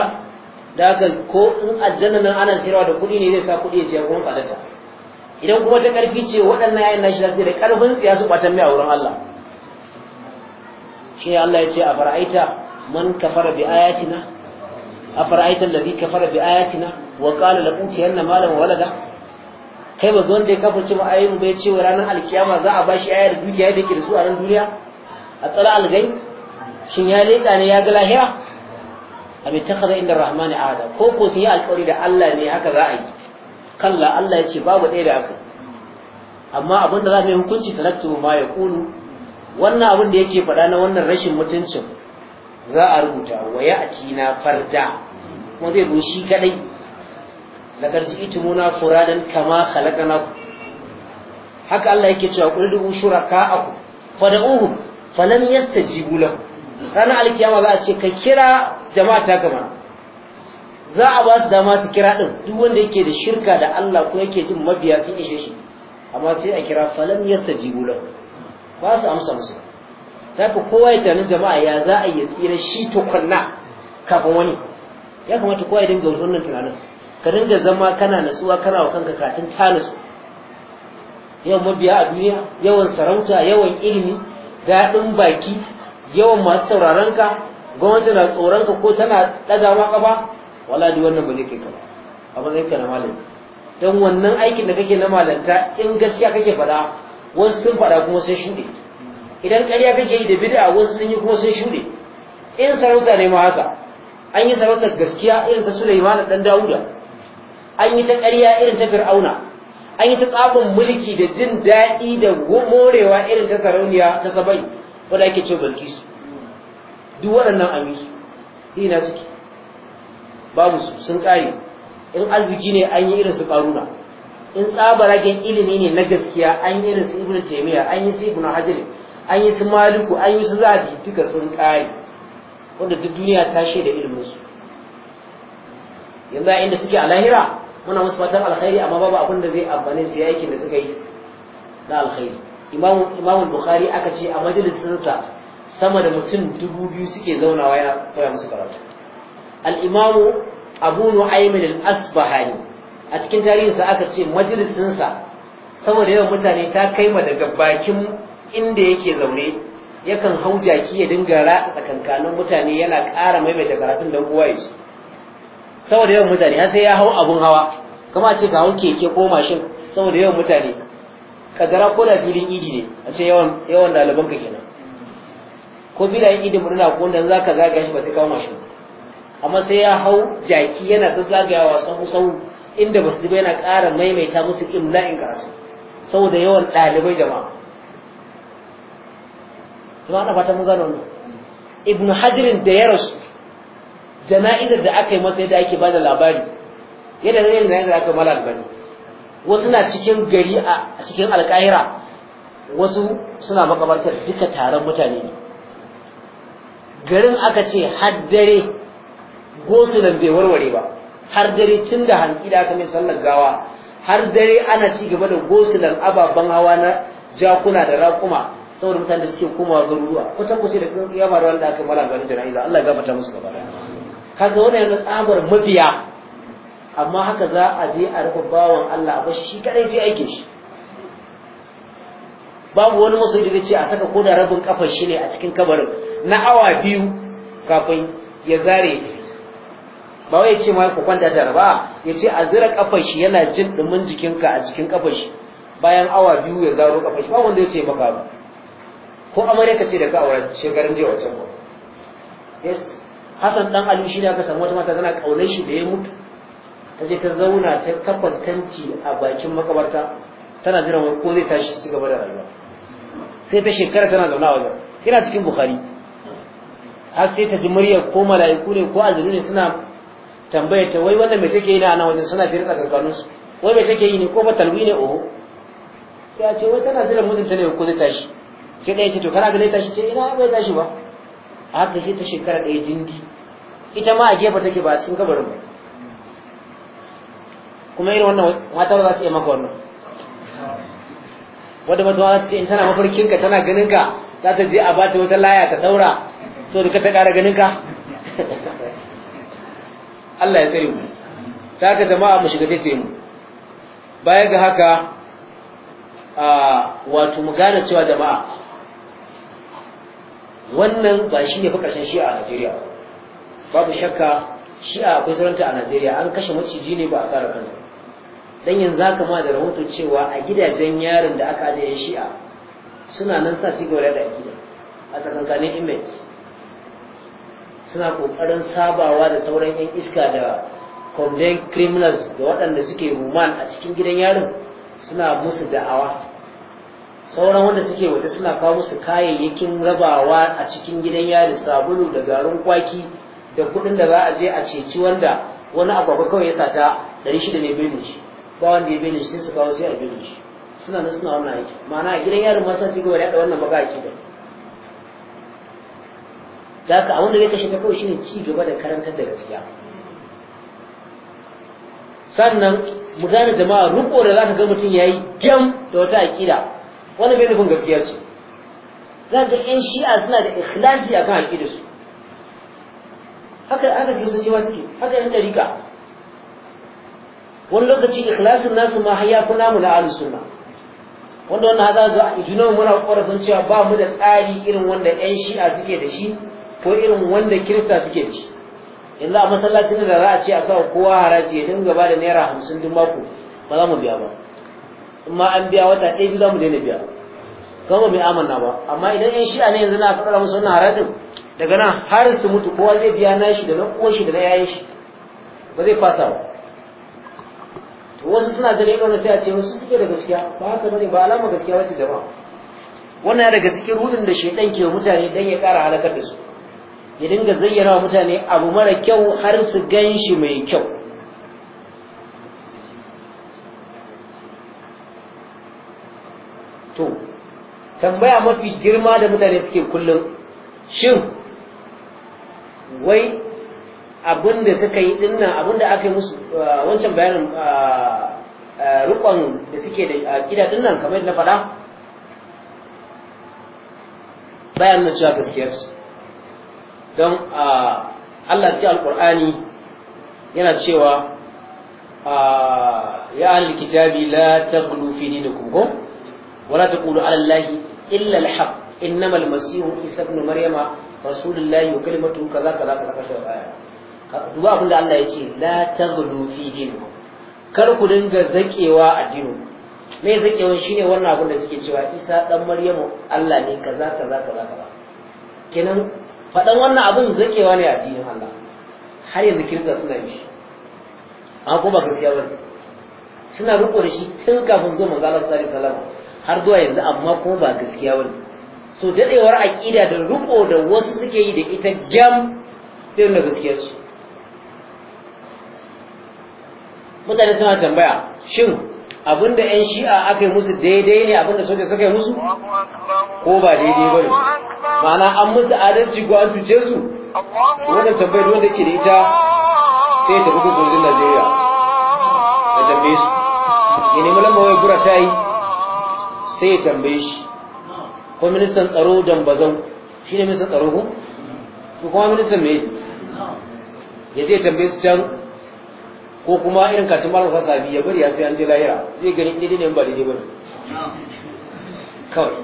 da haka ko in aljanna nan ana sayarwa da kuɗi ne zai sa kuɗi ya siya kuma idan kuma ta ƙarfi ce waɗannan yayin nashi zai da ƙarfin tsiya su kwatan mai a wurin Allah shi Allah ya ce a fara'aita man kafara bi ayatina أفرأيت الذي كفر بآياتنا وقال لأوتين مالا وولدا kai ba zuwan da ya kafa cewa ayin bai cewa ranar alkiyama za a bashi ayar dukiya da ke da su a duniya a tsala algai shin ya leƙa ne ya ga lahira a mai ta kaza inda rahmani ada ko ko sun yi alkawari da Allah ne haka za a yi kalla Allah ya ce babu ɗaya da haka amma abin da za mu yi hukunci sanattu ma ya kulu wannan abin da yake faɗa na wannan rashin mutuncin za a rubuta wa ya na farda kuma zai zo shi kadai lakar ji itimuna furadan kama ku haka Allah yake cewa qul dubu shuraka'akum fad'uhum falam yastajibu lahu ranar alkiyama za a ce ka kira jama'a ta gaba za a ba su dama su kira din duk wanda yake da shirka da Allah ko yake jin mabiya sun ishe shi amma sai a kira falam yastajibu lahu ba su amsa musu zaka kowa ya tani jama'a ya za a yi tsira shi tukunna kafin wani ya kamata kowa ya dinga wannan tunanin ka dinga zama kana natsuwa kana wa kanka katin ta natsu yawan mabiya a duniya yawan sarauta yawan ilimi daɗin baki yawan masu sauraron ka gwamnati na tsoron ka ko tana ɗaga maka ba wala di wannan ba kai ka a ka na malami don wannan aikin da kake na malanta in gaskiya kake faɗa wasu sun faɗa kuma sai shuɗe idan ƙarya kake yi da bid'a wasu sun yi kuma sun shuɗe in sarauta ne ma haka an yi sarautar gaskiya irin ta Sulaiman dan Dawuda an yi ta ƙarya irin ta Fir'auna an yi ta tsabon mulki da jin daɗi da morewa irin ta sarauniya ta Sabai wanda ake ce Bilkisu duk waɗannan an yi su ina suke babu su sun ƙare in arziki ne an yi irin su ƙaruna in tsabaragen ilimi ne na gaskiya an yi irin su Ibn taymiya an yi su Ibn hajar an yi su maliku an yi su zabi duka sun ƙare wanda duk duniya ta shaida ilimin su yanzu a inda suke a lahira muna musu fatan alkhairi amma babu abin da zai amfane su yaki da suka yi na alkhairi imam bukhari aka ce a majalisinsa sama da mutum dubu biyu suke zaunawa yana koya musu karatu Al'imamu abu nu'aym al a cikin tarihinsa aka ce majalisinsa sama da yawan mutane ta kai ma daga bakin inda yake zaune yakan hau jaki ya dinga ratsa tsakankanin mutane yana ƙara maimaita karatun don kowa ya saboda yawan mutane har sai ya hau abun hawa kama ce ka hau keke ko mashin saboda yawan mutane Ka gara ko da filin idi ne a ce yawan yawan ɗaliban ka kenan ko filayen idin murna ko dan za ka zagaya shi ba sai kawo mashin amma sai ya hau jaki yana ta zagayawa wasan sahu inda ba su yana ƙara maimaita musu imla'in karatu saboda yawan ɗalibai jama'a kuma ana fata mun gano wannan da ya rasu jana'izar da aka yi masa yadda ake bada labari yadda zai yi da aka mala albani wasu na cikin gari a cikin alkahira wasu suna makabartar duka taron mutane ne garin aka ce har dare gosulan bai warware ba har dare tun da hanki da aka mai sallar gawa har dare ana ci gaba da gosulan ababen hawa na jakuna da raƙuma saboda mutane da suke komawa garuruwa kwatan kwace da ya faru wanda aka mala gani jana'iza Allah ya gafarta musu gaba daya kaga wannan yana tsabar mabiya amma haka za a je a rufe bawan Allah a bashi shi kadai sai aikin shi babu wani masoyi da ce a saka ko da rabin kafar shi ne a cikin kabarin na awa biyu kafin ya zare ba wai ce ma ku kwanta da ba ya ce a zira kafar shi yana jin dumin jikinka a cikin kafar shi bayan awa biyu ya zaro kafar shi ba wanda ya ce maka ba ko amarya ka ce da ka aure shekarun jiya wancan ba yes Hassan dan Ali shi da aka samu wata mata tana kaunar shi da ya mutu ta je ta zauna ta kafan tanti a bakin makabarta tana jiran ko zai tashi ci gaba da rayuwa sai ta shekara tana zauna a wajen yana cikin Bukhari har sai ta ji muryar ko mala'iku ne ko azumi ne suna tambaye ta wai wannan me take yi na nan wajen suna firka kankanun su wai me take yi ne ko ba talwi ne o. sai a ce wai tana jiran mutunta ne ko zai tashi sai ɗaya ce to kana ganin shi ce eh, ina bai tashi ba haka shi ta shekara ɗaya dindi ita ma a gefe take ba cikin kabarin ba kuma irin wannan mata ba za su iya maka wannan wadda mata za ta ce in tana mafarkin ka tana ganin ka za ta je a bata wata laya ta daura so da ka ta ƙara ganin ka Allah ya tsare mu ta haka jama'a mu shiga daidai mu baya ga haka ah, wato mu gane cewa jama'a wannan ba shi ne fa ƙarshen shi'a a najeriya babu shakka shi'a akwai saranta a najeriya an kashe maciji ne ba a tsara kansa dan yanzu zaka ma da rahoton cewa a gidajen yarin da aka ajiye shi'a suna nan sa su gaura da gida a tsakankanin inmates suna kokarin sabawa da sauran yan iska da condemned criminals da waɗanda suke human a cikin gidan yarin suna musu da'awa sauran wanda suke waje suna kawo musu kayayyakin rabawa a cikin gidan yari sabulu da garin kwaki da kuɗin da za a je a ceci wanda wani agwagwa kawai ya sata ɗari shida ne belin shi ba wanda ya belin shi su kawo sai a belin shi suna nan suna wannan aiki ma'ana a gidan yarin ma sun cigaba da yaɗa wannan baka aiki ba da haka abin da zai kashe ta kawai shine ci gaba da karantar da gaskiya sannan mu jama'a ruko da za ka ga mutum ya yi gyam da wata aƙida wani bai nufin gaskiya ce za ga yan shi'a suna da ikhlasi akan da su haka aka haka kiristocewa suke haka yan dariƙa wani lokaci ikhlasin nasu ma haya kuna mu na alu suna wanda wannan haza ga junan muna ƙorafin cewa ba mu da tsari irin wanda yan shi'a suke da shi ko irin wanda kirista suke da shi yanzu a masallacin da za a ce a sa kowa haraji ya dinga ba da naira hamsin duk mako ba za mu biya ba ma an biya wata ɗaya biyu za mu daina biya kuma mai amana ba amma idan yan shi'a ne yanzu na aka musu wannan harajin daga nan har su mutu kowa zai biya na shi da na uwan shi da na yayin shi ba zai fasa ba to wasu suna ganin irin sai a ce wasu suke da gaskiya ba haka bane ba alama gaskiya wace jama'a wannan daga cikin rudin da shaidan ke mutane don ya kara halakar da su ya dinga zayyana wa mutane abu mara kyau har su gan shi mai kyau to tambaya mafi girma da mutane suke kullum shin wai abin da suka yi dinna abin aka yi musu uh, wancan bayanin uh, uh, rukon da suke da gida dinnan kamar na faɗa bayan na cewa gaskiyarsu don Allah cikin alkur'ani yana cewa ya alkitabi kitabi la taghlu fi dinikum ko ولا تقولوا على الله إلا الحق إنما المسيح عيسى ابن مريم رسول الله وكلمته كذا كذا كذا كذا duba abin da Allah ya ce la taghlu fi dinikum kar ku dinga zakewa a me zakewa shine wannan abin da suke cewa Isa dan Maryamu Allah ne kaza kaza kaza kaza kenan fadan wannan abin zakewa ne a dinin Allah har yanzu kirista suna yi shi an kuma ba gaskiya bane suna riko da shi tun kafin zuwa manzo Allah sallallahu har zuwa yanzu amma kuma ba gaskiya bane so dadewar aqida da ruko da wasu suke yi da ita gam sai na gaskiya su mutane suna tambaya shin abinda yan shi'a aka yi musu daidai ne abinda soja suka yi musu ko ba daidai ba ne ma'ana an musu adalci ko an cuce su wannan tambayar wanda ke da ita sai ta hukukun kundin najeriya da tambaye su ne nemi lamba wai gura ta yi sai ya tambaye shi ko ministan tsaro dambazau shi ne ministan tsaro ko Ko kuma ministan me ya zai tambaye su can ko kuma irin katin malam sa sabi ya bari ya sai an je lahira zai gani ne ne ba daidai ba ne kawai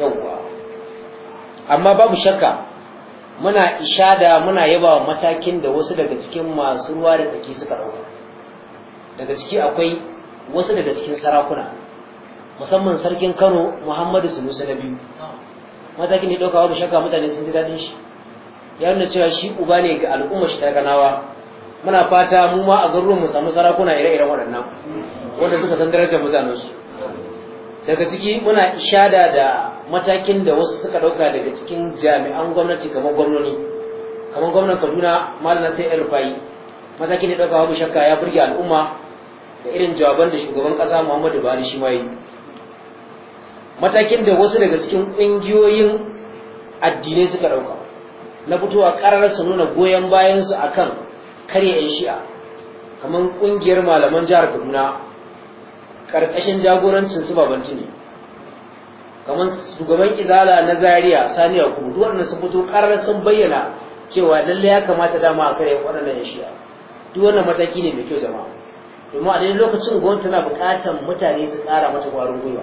yawwa amma babu shakka muna ishada muna yaba matakin da wasu daga cikin masu ruwa da tsaki suka ɗauka daga ciki akwai wasu daga cikin sarakuna musamman sarkin Kano Muhammadu Sunusi na biyu matakin da ɗauka wani shakka mutane sun ji daɗin shi ya nuna cewa shi uba ne ga al'umma shi ganawa muna fata mu ma a garuruwan mu samu sarakuna ire-iren waɗannan wanda suka san darajar su daga ciki muna ishada da matakin da wasu suka ɗauka daga cikin jami'an gwamnati kamar gwamnoni kamar gwamnan kaduna malam sai el rufai matakin da ɗauka babu shakka ya burge al'umma da irin jawaban da shugaban ƙasa Muhammadu Buhari shi matakin da wasu daga cikin ƙungiyoyin addinai suka ɗauka na fitowa ƙarar su nuna goyon bayansu su akan karya 'yan shi'a kamar ƙungiyar malaman jihar Kaduna ƙarƙashin jagorancin su babanci ne kamar shugaban izala na zaria sani yakubu duk wannan sun fito karar sun bayyana cewa lallai ya kamata dama a kare waɗannan shi'a duk wannan mataki ne mai kyau jama'a domin a daidai lokacin gwamnati tana buƙatar mutane su ƙara mata ƙwarin gwiwa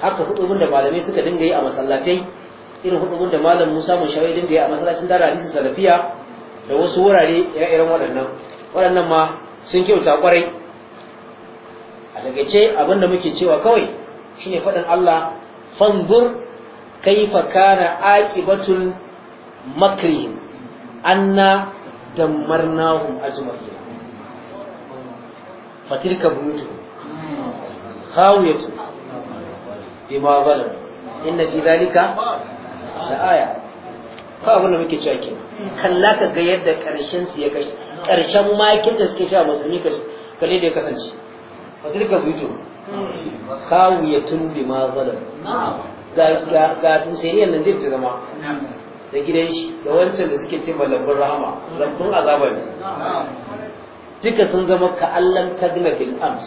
haka hudubun da malamai suka dinga yi a masallatai irin hudubun da malam Musa mun shawai dinga yi a masallacin dara hadisi salafiya da wasu wurare ire-iren waɗannan waɗannan ma sun kyauta ƙwarai a takaice abin da muke cewa kawai shine faɗin Allah fanzur kaifa kana aqibatul makrihim anna dammarnahum ajma'in فتلك buyutuhum خاوية بما ظلم إن fi ذلك la aya fa abin da muke قيادة كرشان سيكش كرشان ga yadda تسكيشا su ya kashe يكتنش فتلك da خاوية بما ظلم kashe kalle da ya kasance ga nan zai zama da gidan shi da wancan da suke ce lambun rahama lambun azaba duka sun zama ka'allan tagna bil ams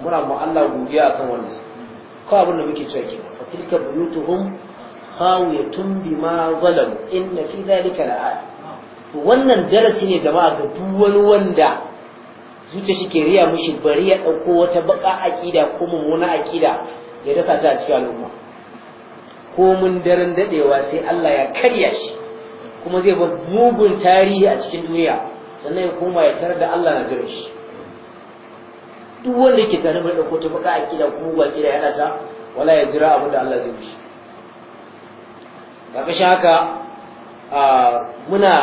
muna mu Allah godiya akan wannan ko abin da muke cewa kenan fa tilka buyutuhum khawiyatun bima zalamu inna fi dhalika la'at to wannan darasi ne jama'a ga duk wani wanda zuciya shi ke riya mushi bari ya dauko wata baka akida ko mummuna akida ya dasa ta a cikin al'umma ko mun daren dadewa sai Allah ya karya shi kuma zai bar bugun tarihi a cikin duniya sannan ya koma ya tarar da Allah na zira shi duk wanda ke tare mai ɗauko ta baka akida kuma ba kida yana ta wala ya jira abunda da Allah zai ga kafin haka muna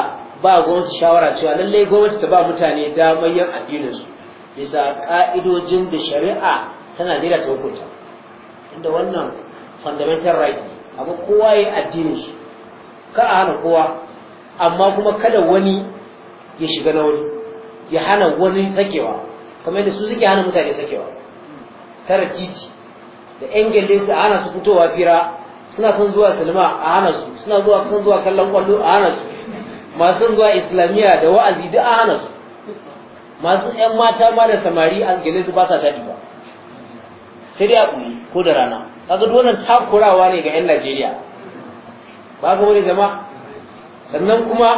ba gwamnati shawara cewa lallai gwamnati ta ba mutane damar yin addininsu bisa ka'idojin da shari'a tana Najeriya ta hukunta inda wannan fundamental right abu kowa ya addinin shi ka a hana kowa amma kuma kada wani ya shiga na wani ya hana wani sakewa kamar yadda su suke hana mutane sakewa tara titi da yan gyalle su hana su fitowa fira suna son zuwa salima a hana su suna zuwa son zuwa kallon kwallo a hana su masu son zuwa islamiyya da wa'azi duk a hana su masu yan mata ma da samari a gyalle su ba sa daɗi ba sai dai a ƙuri ko da rana kaga dole takurawa ne ga yan najeriya ba ga wani jama'a sannan kuma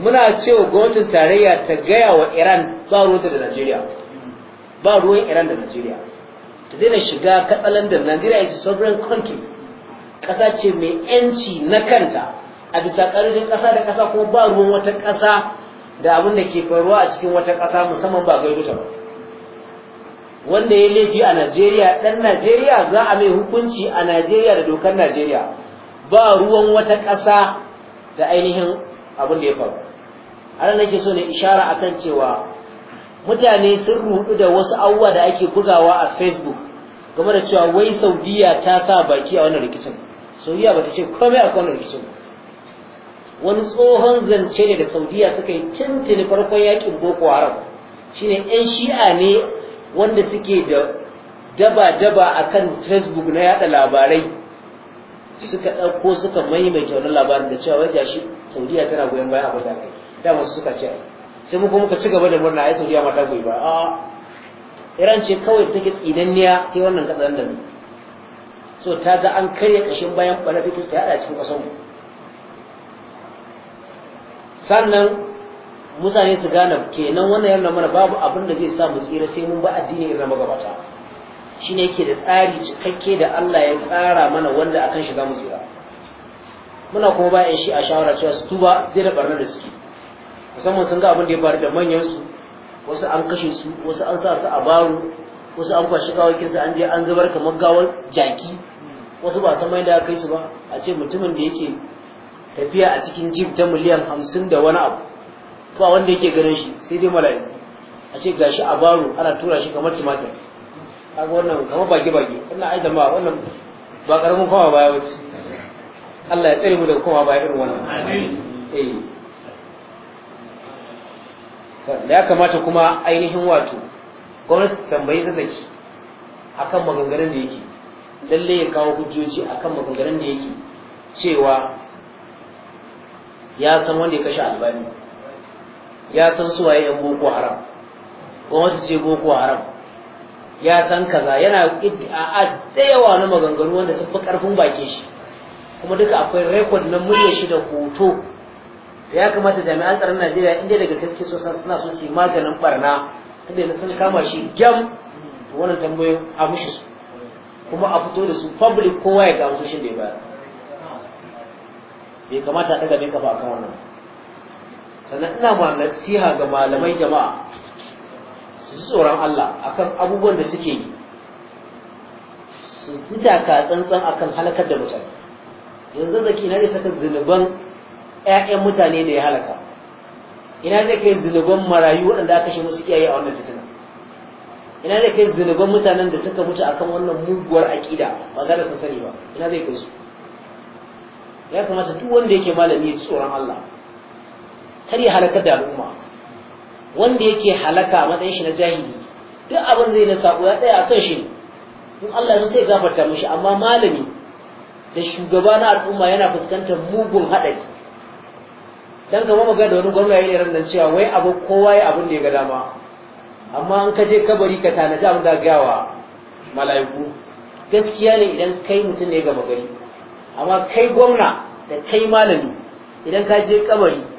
muna cewa gwamnatin tarayya ta gaya wa iran ba ruwanta da najeriya ba ruwan iran da najeriya ta daina shiga da najeriya is a sovereign country ƙasa ce mai yanci na kanta a bisa ƙarfin ƙasa da ƙasa ko ba ruwan wata ƙasa da abin da ke faruwa a cikin wata ƙasa musamman ba gairuta ba wanda ya laifi a najeriya ɗan najeriya za a mai hukunci a najeriya da dokar najeriya ba ruwan wata ƙasa da ainihin abin da ya faru ana nake so ne ishara akan cewa mutane sun rudu da wasu abubuwa da ake bugawa a facebook game da cewa wai saudiya ta sa baki a wannan rikicin saudiya ba ta ce komai a wannan rikicin wani tsohon zance ne da saudiya suka yi tuntuni farkon yakin boko haram shine yan shi'a ne wanda suke da daba-daba akan facebook na yada labarai suka ɗauko suka maimaita wannan labarin da cewa ga shi saudiya tana goyon baya abin da aka yi da masu suka ce sai mu kuma ka ci gaba da murna ai saudiya ma ta goyi ba a iran ce kawai take tsinanniya ta wannan kasar da mu so ta ga an karya kashin bayan bana take ta hada cikin ƙasar mu sannan mutane su gane kenan wannan yana mana babu abin da zai sa mu tsira sai mun ba addini irin magabata ne yake da tsari cikakke da Allah ya tsara mana wanda akan shiga musira muna kuma bayan shi a shawara cewa su tuba zai da barna da suke musamman sun ga abin da ya faru da manyan su wasu an kashe su wasu an sa su a baro wasu an kwashi kawakin su an je an zubar kamar gawar jaki wasu ba san mai da kai su ba a ce mutumin da yake tafiya a cikin jib ta miliyan hamsin da wani abu ba wanda yake ganin shi sai dai mala'iku a ce gashi a baro ana tura shi kamar tumatir kaga wannan kamar bage bage ina ai jama'a wannan ba karamin koma baya wuce. Allah ya tsare mu daga koma baya irin wannan eh da ya kamata kuma ainihin wato gwamnati tambayi zaki akan maganganun da yake lalle ya kawo hujjoji akan maganganun da yake cewa ya san wanda ya kashe albani ya san suwaye yan boko haram gwamnati ce boko haram ya san kaza yana iddi'a'at da yawa na maganganu wanda sun fi karfin bakin shi kuma duka akwai rekod na murya shi da hoto ya kamata jami'an tsaron Najeriya inda daga gaske so suna so su maganin barna tunda yanzu sun kama shi gyam to wannan tambayoyin a mushi su kuma a fito da su public kowa ya su shi da ya bayar bai kamata a daga bai kafa kan wannan sannan ina ma nasiha ga malamai jama'a su tsoron Allah akan abubuwan da suke yi su ka tsantsan akan halakar da mutane yanzu da na ne saka zunuban ƴaƴan mutane da ya halaka ina zai kai zunuban marayu waɗanda aka shi musu iyaye a wannan fitina ina zai kai zunuban mutanen da suka mutu akan wannan muguwar aƙida ba za da sani ba ina zai kai su ya kamata duk wanda yake malami ya tsoron Allah kar ya halakar da al'umma wanda yake halaka matsayin shi na jahili duk abin zai na sako ya tsaya a akan shi in Allah ya sai gafarta mishi amma malami da shugaba na al'umma yana fuskantar mugun haɗari dan kama maga da wani gwamna ya yi nan cewa wai abu kowa ya abin da ya ga dama amma an ka je kabari ka tanaji abin da gawa mala'iku gaskiya ne idan kai mutum ne gama gari amma kai gwamna da kai malami idan ka je kabari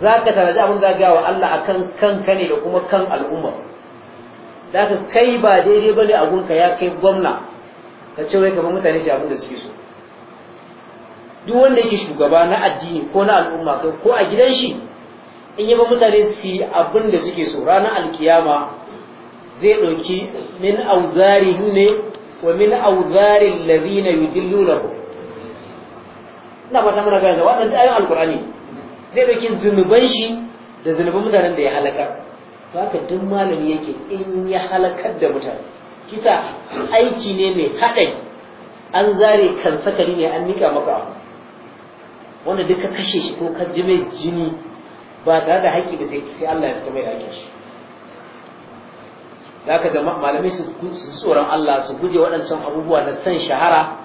za ka tanaji abin za ga wa Allah akan kanka ne da kuma kan al'umma da ka kai ba daidai ba ne a gunka ya kai gwamna ka ce wai kamar mutane ke abin da suke so duk wanda yake shugaba na addini ko na al'umma ko a gidan shi in yi ba mutane su yi abin da suke so ranar alkiyama zai ɗauki min auzari ne wa min auzari lazina yudillu lahu ina ba ta muna da, waɗanda ayoyin alkur'ani zai dauki zunuban shi da zunuban mutanen da ya halakar to haka duk malami yake in ya halakar da mutane kisa aiki ne mai haɗari an zare kan sakari ne an nika maka abu wanda duk ka kashe shi ko ka ji mai jini ba tare da haƙƙi ba sai Allah ya fita mai haƙƙin shi da zama malamai su tsoron Allah su guje waɗancan abubuwa da san shahara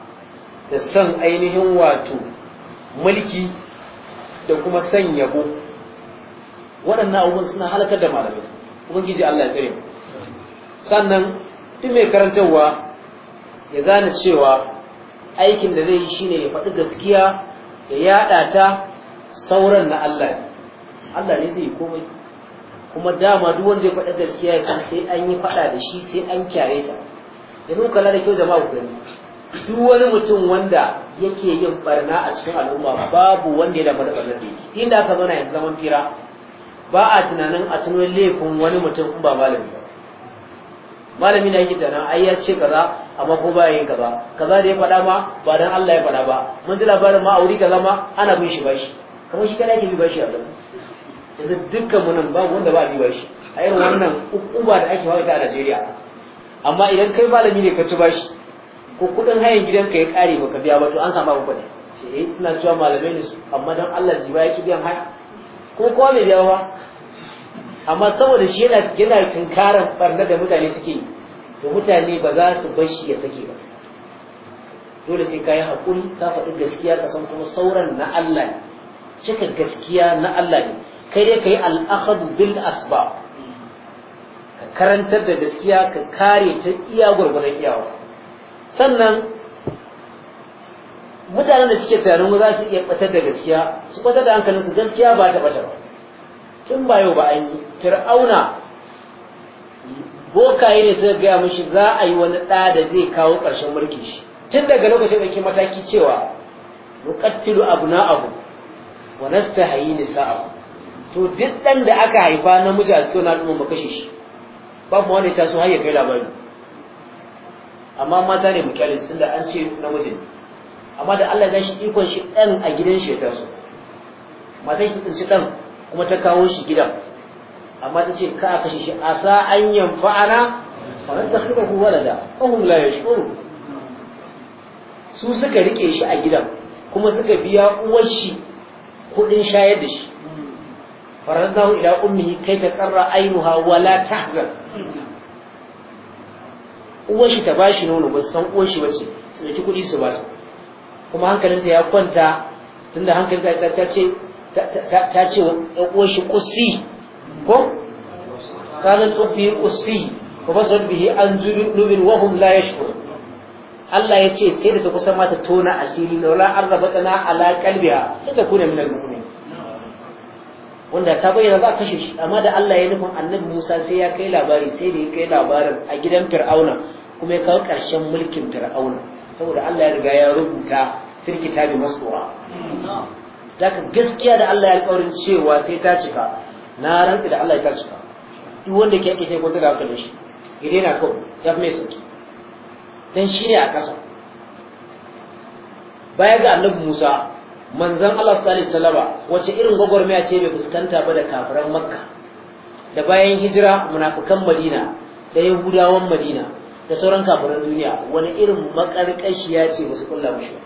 da san ainihin wato mulki da kuma san yabo waɗannan abubuwan suna halakar da malamai ubangiji Allah ya tsare sannan duk mai karantarwa ya gane cewa aikin da zai yi shine ya faɗi gaskiya ya yaɗa ta sauran na Allah ne Allah ne zai yi komai kuma dama duk wanda ya faɗi gaskiya ya san sai an yi faɗa da shi sai an kyare ta yanzu kala da kyau jama'a ku gani duk wani mutum wanda yake yin barna a cikin al'umma babu wanda ya dafa da barnar da yake inda aka zauna yanzu zaman fira ba a tunanin a tuno laifin wani mutum in ba malami ba malami na yake tunanin ai ya ce kaza amma ko ba yin kaza kaza da ya faɗa ma ba dan Allah ya faɗa ba mun ji labarin ma auri kaza ma ana bin shi bashi kamar shi kana yake bi bashi a dan yanzu dukkan mu nan babu wanda ba bi bashi a irin wannan uba da ake hawa a Najeriya amma idan kai malami ne ka ci bashi ko kudin hayan gidanka ya kare baka biya ba to an samu abin kuɗi ce eh suna cewa malamai ne su amma dan Allah jiba yake biyan haya ko kowa bai biya ba amma saboda shi yana yana tunkaran barna da mutane suke to mutane ba za su bar shi ya sake ba dole sai kayan hakuri haƙuri ka faɗi gaskiya ka san kuma sauran na Allah ne cika gaskiya na Allah ne kai dai ka yi al'akhadu bil asbab ka karantar da gaskiya ka kare ta iya gwargwadon iyawa sannan mutanen da suke tunanin mu za su iya batar da gaskiya su batar da hankalin su gaskiya ba ta bata ba tun ba yau ba an yi fir'auna bokaye ne suka gaya mushi za a yi wani ɗa da zai kawo ƙarshen mulkin shi tun daga lokacin ɗauki mataki cewa nuqattilu abu wa nastahyi nisa'ahu to duk ɗan da aka haifa namiji a cikin al'umma kashe shi ba mu wani taso har ya kai labari amma mata ne mukyale su tunda an ce namijin amma da Allah ya shi ikon shi ɗan a gidan shi ya taso mata shi tsinci ɗan kuma ta kawo shi gidan amma ta ce ka a kashe shi a sa an yanfa'ana faran ta kuma da walada ƙahun la yashkuru su suka rike shi a gidan kuma suka biya uwar shi kuɗin shayar da shi faran ta ila ummihi kai ta karra ainuha wala tahzan uwashi ta bashi nono ba san ba ce, su dauki kuɗi su bata kuma hankalinta ya kwanta tunda hankalin ta ce ta ce wa uwashi kusi ko kalan ukhti kusi ko su basad bihi an zubi, wa hum la yashkur Allah ya ce sai da ta kusa mata tona asiri laula arba tsana ala qalbiha sai ta kuna min al-mu'min wanda ta bayyana za a kashe shi amma da Allah ya nufin annabi Musa sai ya kai labari sai da ya kai labarin a gidan Fir'auna kuma ya kawo ƙarshen mulkin fir'auna saboda Allah ya riga ya rubuta fil kitabi masura zaka gaskiya da Allah ya alƙawarin cewa sai ta cika na rantsi da Allah ya ta cika duk wanda ke yake sai kwanta da hankalin shi ya daina kawai ya fi mai sauki dan shi ne a ƙasa baya ga annabi Musa manzon Allah sallallahu alaihi wasallam wace irin gwagwarmaya ce bai fuskanta ba da kafiran Makka da bayan hijira munafikan Madina da Yahudawan Madina da sauran kafiran duniya wani irin makarkashiya ce wasu kulla mushi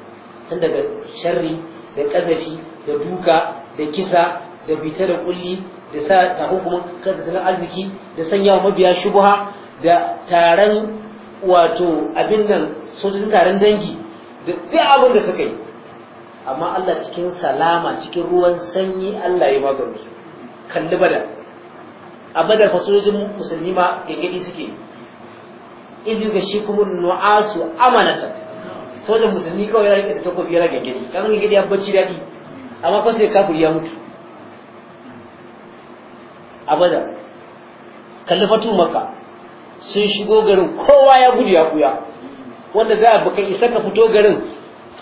tun daga sharri da kazafi da duka da kisa da bita da kulli da sa takunkumin tattalin arziki da sanya mabiya shubuha da taron wato abin nan sojojin taron dangi da duk abin da suka yi amma Allah cikin salama cikin ruwan sanyi Allah ya magani kalli bada a badar fasojin musulmi ma gangadi suke izu ga shi kuma nu'asu amanatan sojan musulmi kawai yana rike da takobi ya rage gidi kan ga gidi ya bacci daɗi. amma ko sai kafir ya mutu abada kallafatu maka sun shigo garin kowa ya gudu ya kuya wanda za a baka isa ka fito garin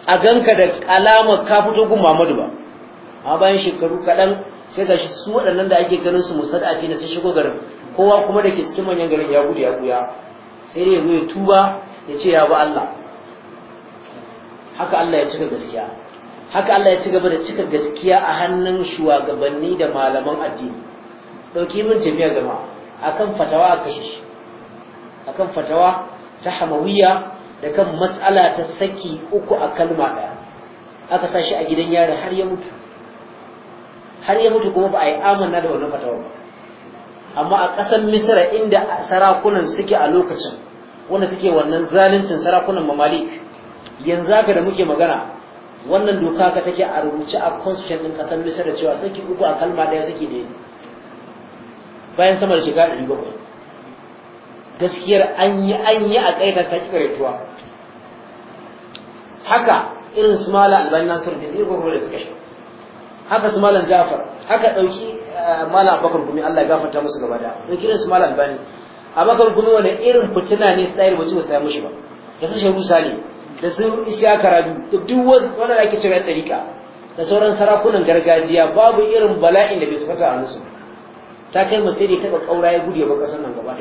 a ganka da alama ka fito gun Muhammadu ba amma bayan shekaru kaɗan sai ga su waɗannan da ake ganin su musad'afi na sun shigo garin kowa kuma da ke cikin manyan garin ya gudu ya kuya sai dai ya tuba ya ce ya bi Allah haka Allah ya cika gaskiya haka Allah ya ci gaba da cika gaskiya a hannun shugabanni da malaman addini dauki min jami'a gama akan fatawa a kashe shi akan fatawa ta hamawiya da kan matsala ta saki uku a kalma ɗaya aka sa a gidan yari har ya mutu har ya mutu kuma ba a yi amanna da wannan fatawa ba amma a ƙasar misira inda sarakunan suke a lokacin wanda suke wannan zaluncin sarakunan mamalik yanzu haka da muke magana wannan doka ka take a rubuce a constitution din ƙasar misira cewa saki uku a kalma ɗaya suke da bayan sama da shekara ɗari bakwai gaskiyar an yi an yi a ƙaidar ta rituwa haka irin su mala albani nasiru da zai gwagwaro da suka shi haka su malam jafar haka ɗauki Eh, malam bakar gumi Allah ya gafarta musu gaba da mun kiran su malam albani a bakar gumi wani irin fitina ne style ba su ba samu mushi ba da su shehu sali da su isya karabi da duk wanda ake cewa ya tarika da sauran sarakunan gargajiya babu irin bala'in da bai su fata a musu ta kai mu sai dai taɓa ƙaura ya gudu ba ƙasar nan gaba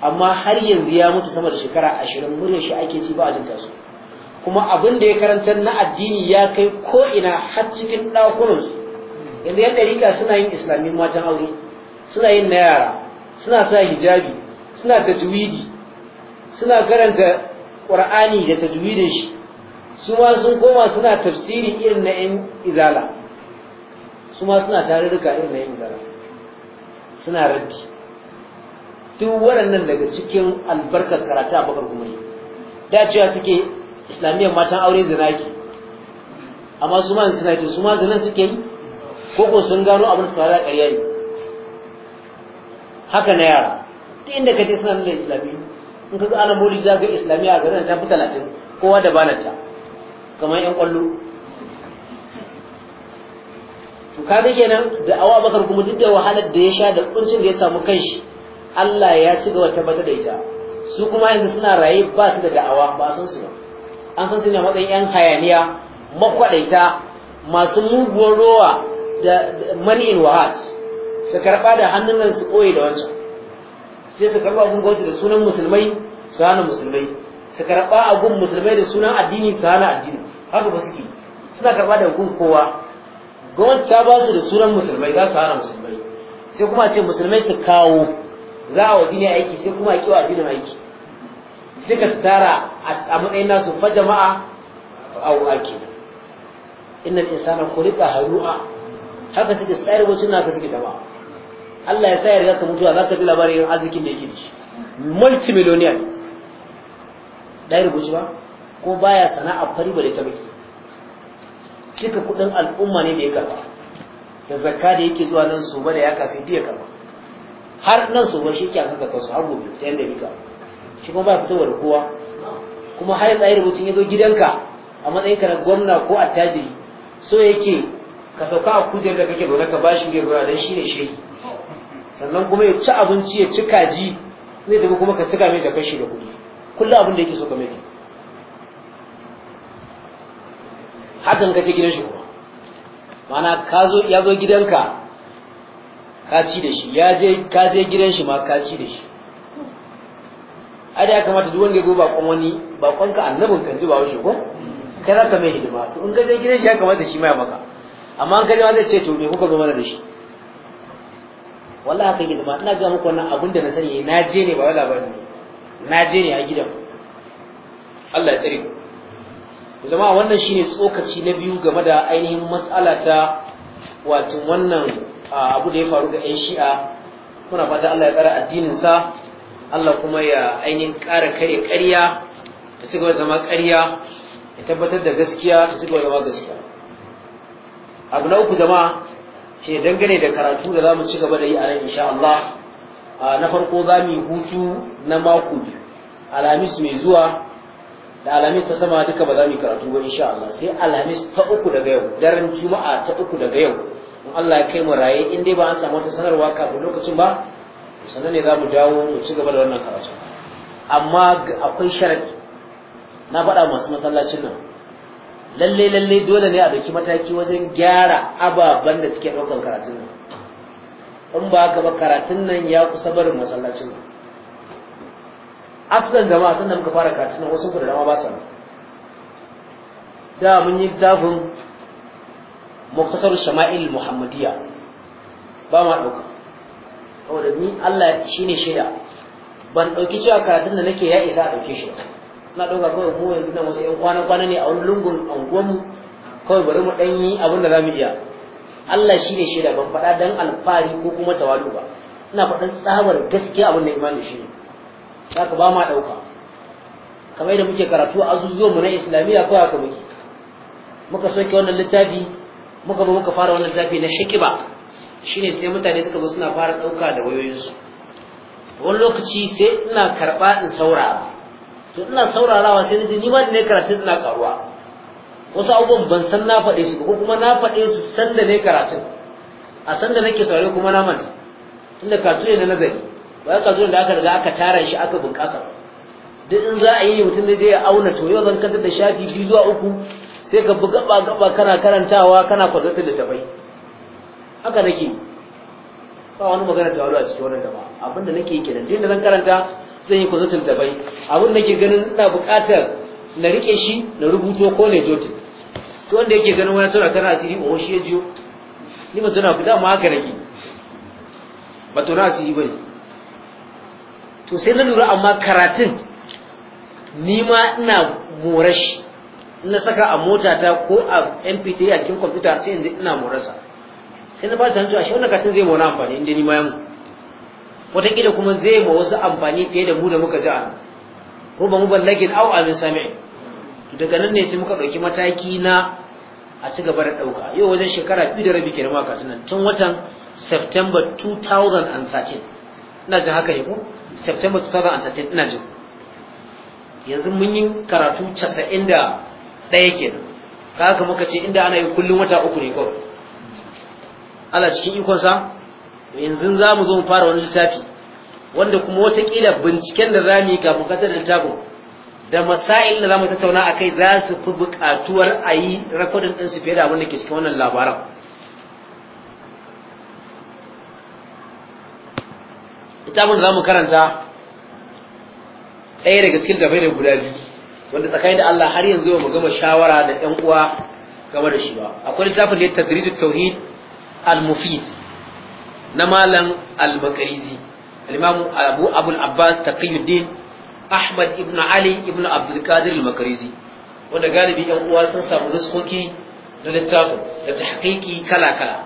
amma har yanzu ya mutu sama da shekara ashirin murya shi ake ji ba a jinta su kuma abin da ya karanta na addini ya kai ko ina har cikin ɗakunansu yanzu yan ɗarika suna yin islamin matan aure suna yin na yara suna sa hijabi suna juwidi suna karanta ƙur'ani da juwidin shi su ma sun koma suna tafsirin irin na yan izala su ma suna tarurruka irin na yan izala suna raddi duk waɗannan daga cikin albarkar karatu a bakar kuma ne da cewa suke islamiyyar matan aure zinaki amma su ma zinaki su ma zinan suke yi ko ko sun gano abin su fara ƙarya ne haka na yara ta inda ka je suna nuna islami in ka ga ana muri za ga islami a garin ta fi talatin kowa da ta, kamar yan kwallo to ka ga kenan da awa bakar kuma duk da wahalar da ya sha da kuncin da ya samu kanshi Allah ya ci gaba tabbata da ita su kuma yanzu suna raye ba su da da'awa ba san su ba an san su ne matsayin yan hayaniya makwaɗaita masu muguwar rowa da in wahat su karba da hannun nan su ɓoye da wancan sai su karba abin gwamnati da sunan musulmai su hana musulmai su karba abin musulmai da sunan addini su hana addini haka ba suke suna karba da hukun kowa gwamnati ta ba su da sunan musulmai za su hana musulmai sai kuma a ce musulmai su kawo za a wa ne aiki sai kuma a kiwa addinin aiki suka tara a matsayin nasu fa jama'a au ake innal insana khuliqa halu'a haka suke tsayar wucin naka suke tama Allah ya sa zaka mutuwa za ji labarin arzikin da yake da shi multi millionaire dai rubuci ba ko baya sana'a fari bare ta miki kika kudin al'umma ne da ya karba da zakka da yake zuwa nan su ba da ya kasi ya karba har nan su ba shi ke aka kasu har gobe ta yadda bika shi kuma ba fitowa da kowa kuma har tsayar ayi rubutun ya zo gidanka a matsayin ka na gwamna ko attajiri so yake ka sauka a kudiyar da kake zaune ka bashi mai ruwa shi ne shehi sannan kuma ya ci abinci ya ci kaji zai tafi kuma ka tuka mai zakar da kuɗi kullum abin da yake so ka mai hakan ka je gidan shi kuma mana ka zo ya zo gidanka ka ci da shi ya je ka je gidan shi ma ka ci da shi ai da ya kamata duk wanda ya zo bakon wani bakon ka annabin kan ji ba shi ko kai za ka mai hidima to in ka je gidan shi ya kamata shi ma ya maka amma an kaje ma zai ce to me kuka zo mana da shi wallahi haka gidama ina ga muku wannan abin da na sani eh, na je ne ba wai ba ne na je ne a gidan Allah ya tsare ku jama'a wannan shine tsokaci na biyu game da ainihin mas'ala ta wato wannan abu da ya faru ga 'yan shi'a muna fata Allah ya tsara addinin sa Allah kuma ya ainihin ƙara kare ƙarya ta cigaba da zama ƙarya ya tabbatar da gaskiya ta cigaba da zama gaskiya abu na uku jama'a shi dangane da karatu da zamu ci gaba da yi a nan insha Allah na farko za mu yi hutu na mako biyu alhamis mai zuwa da alhamis ta sama duka ba za mu yi karatu ba insha Allah sai alhamis ta uku daga yau daren juma'a ta uku daga yau in Allah ya kai mu raye in dai ba an samu wata sanarwa kafin lokacin ba sannan ne za mu dawo mu ci gaba da wannan karatu amma akwai sharadi na faɗa masu masallacin nan lalle lalle dole ne a dauki mataki wajen gyara ababen da suke daukan karatun nan in ba haka ba karatun nan ya kusa barin masallacin aslan jama'a tun da muka fara karatun nan wasu da dama ba su da mun yi zafin muktasar shama'il muhammadiyya ba ma dauka saboda ni Allah shine shaida ban dauki cewa karatun da nake ya isa a dauke shi ba na ɗauka kawai mu yanzu nan wasu 'yan kwana-kwana ne a wani lungun anguwanmu kawai bari mu ɗan yi abin da za mu iya Allah shi ne shaida ban faɗa dan alfari ko kuma tawalu ba ina faɗan tsabar gaskiya abin da imani shi ne za ba ma ɗauka kamar yadda muke karatu a mu na islamiyya kawai haka muke muka soke wannan littafi muka zo muka fara wannan littafi na shikiba shine sai mutane suka zo suna fara ɗauka da wayoyinsu wani lokaci sai ina karɓa in saura. to ina saurarawa sai nace ni ma ne karatun ina karuwa wasu abubuwan ban san na faɗe su ko kuma na faɗe su san da ne karatun a san da nake saurare kuma na manta tunda karatu ne na nazari ba ka karatu da aka riga aka tara shi aka bunƙasa duk in za a yi mutum zai ya auna to yau zan kanta da shafi biyu zuwa uku sai ka bi gaba gaba kana karantawa kana kwazata da tafai haka nake ba wani magana da wani a cikin wannan jama'a abinda nake kenan duk da zan karanta zan yi kuzatul dabai abin da ke ganin ina buƙatar na rike shi na rubuto ko na jotin to wanda yake ganin wani tura kana asiri ba shi ya jiyo ni ba tuna guda ma haka rage ba na asiri bane to sai na lura amma karatun ni ma ina shi na saka a mota ta ko a mp3 a cikin kwamfuta sai yanzu ina sa sai na ba ta hanzu a shi wannan katin zai mora amfani inda ni ma yamu wataƙila kuma zai ma wasu amfani fiye da mu da muka ji a ko ba mu ballagin au amin sami'in daga nan ne sai muka ɗauki mataki na a ci gaba da ɗauka yau wajen shekara biyu da rabi kenan maka tunan tun watan September 2013 ina jin haka ne ko September 2013 ina jin yanzu mun yi karatu 91 kenan ka haka muka ce inda ana yi kullum wata uku ne kawai Allah cikin ikonsa yanzu za mu zo mu fara wani littafi wanda kuma wata watakila binciken da za mu yi kafin kasar littafin da masail da za mu tattauna a kai za su fi buƙatuwar a yi rakodin ɗin su fiye da abin da ke cikin wannan labaran littafin da za mu karanta ɗaya daga cikin tafai da guda biyu wanda tsakanin da Allah har yanzu ba mu gama shawara da ƴan uwa game da shi ba akwai littafin da ya tadrijut tauhid al-mufid na malam al makarizi al-imam abu abul abbas taqiyuddin ahmad ibn ali ibn abdul qadir al makarizi wanda galibi yan uwa sun samu riskoki na littafin da tahqiqi kala kala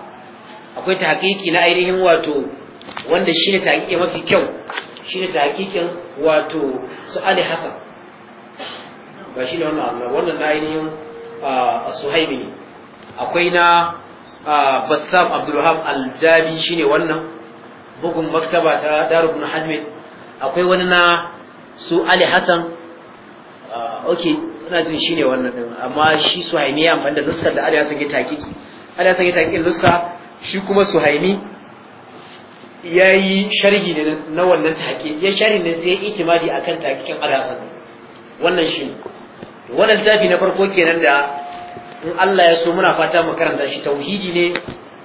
akwai tahqiqi na ainihin wato wanda shine tahqiqi mafi kyau shine tahqiqin wato su ali hasan ba shine wannan wannan na ainihin a ah, suhaimi akwai na bassam abdulwahab aljami shine wannan bugun maktaba ta darubun hazmi akwai wani na su ali hassan ok ina jin shine wannan din amma shi suhaimi ya amfani da nuskar da ali hassan ya takiki ali hassan ya taki nuska shi kuma suhaimi ya yi sharhi ne na wannan taki ya sharhi ne sai ya itimadi akan takikin ali hassan wannan shi wannan littafi na farko kenan da in Allah ya so muna fata mu karanta shi tauhidi ne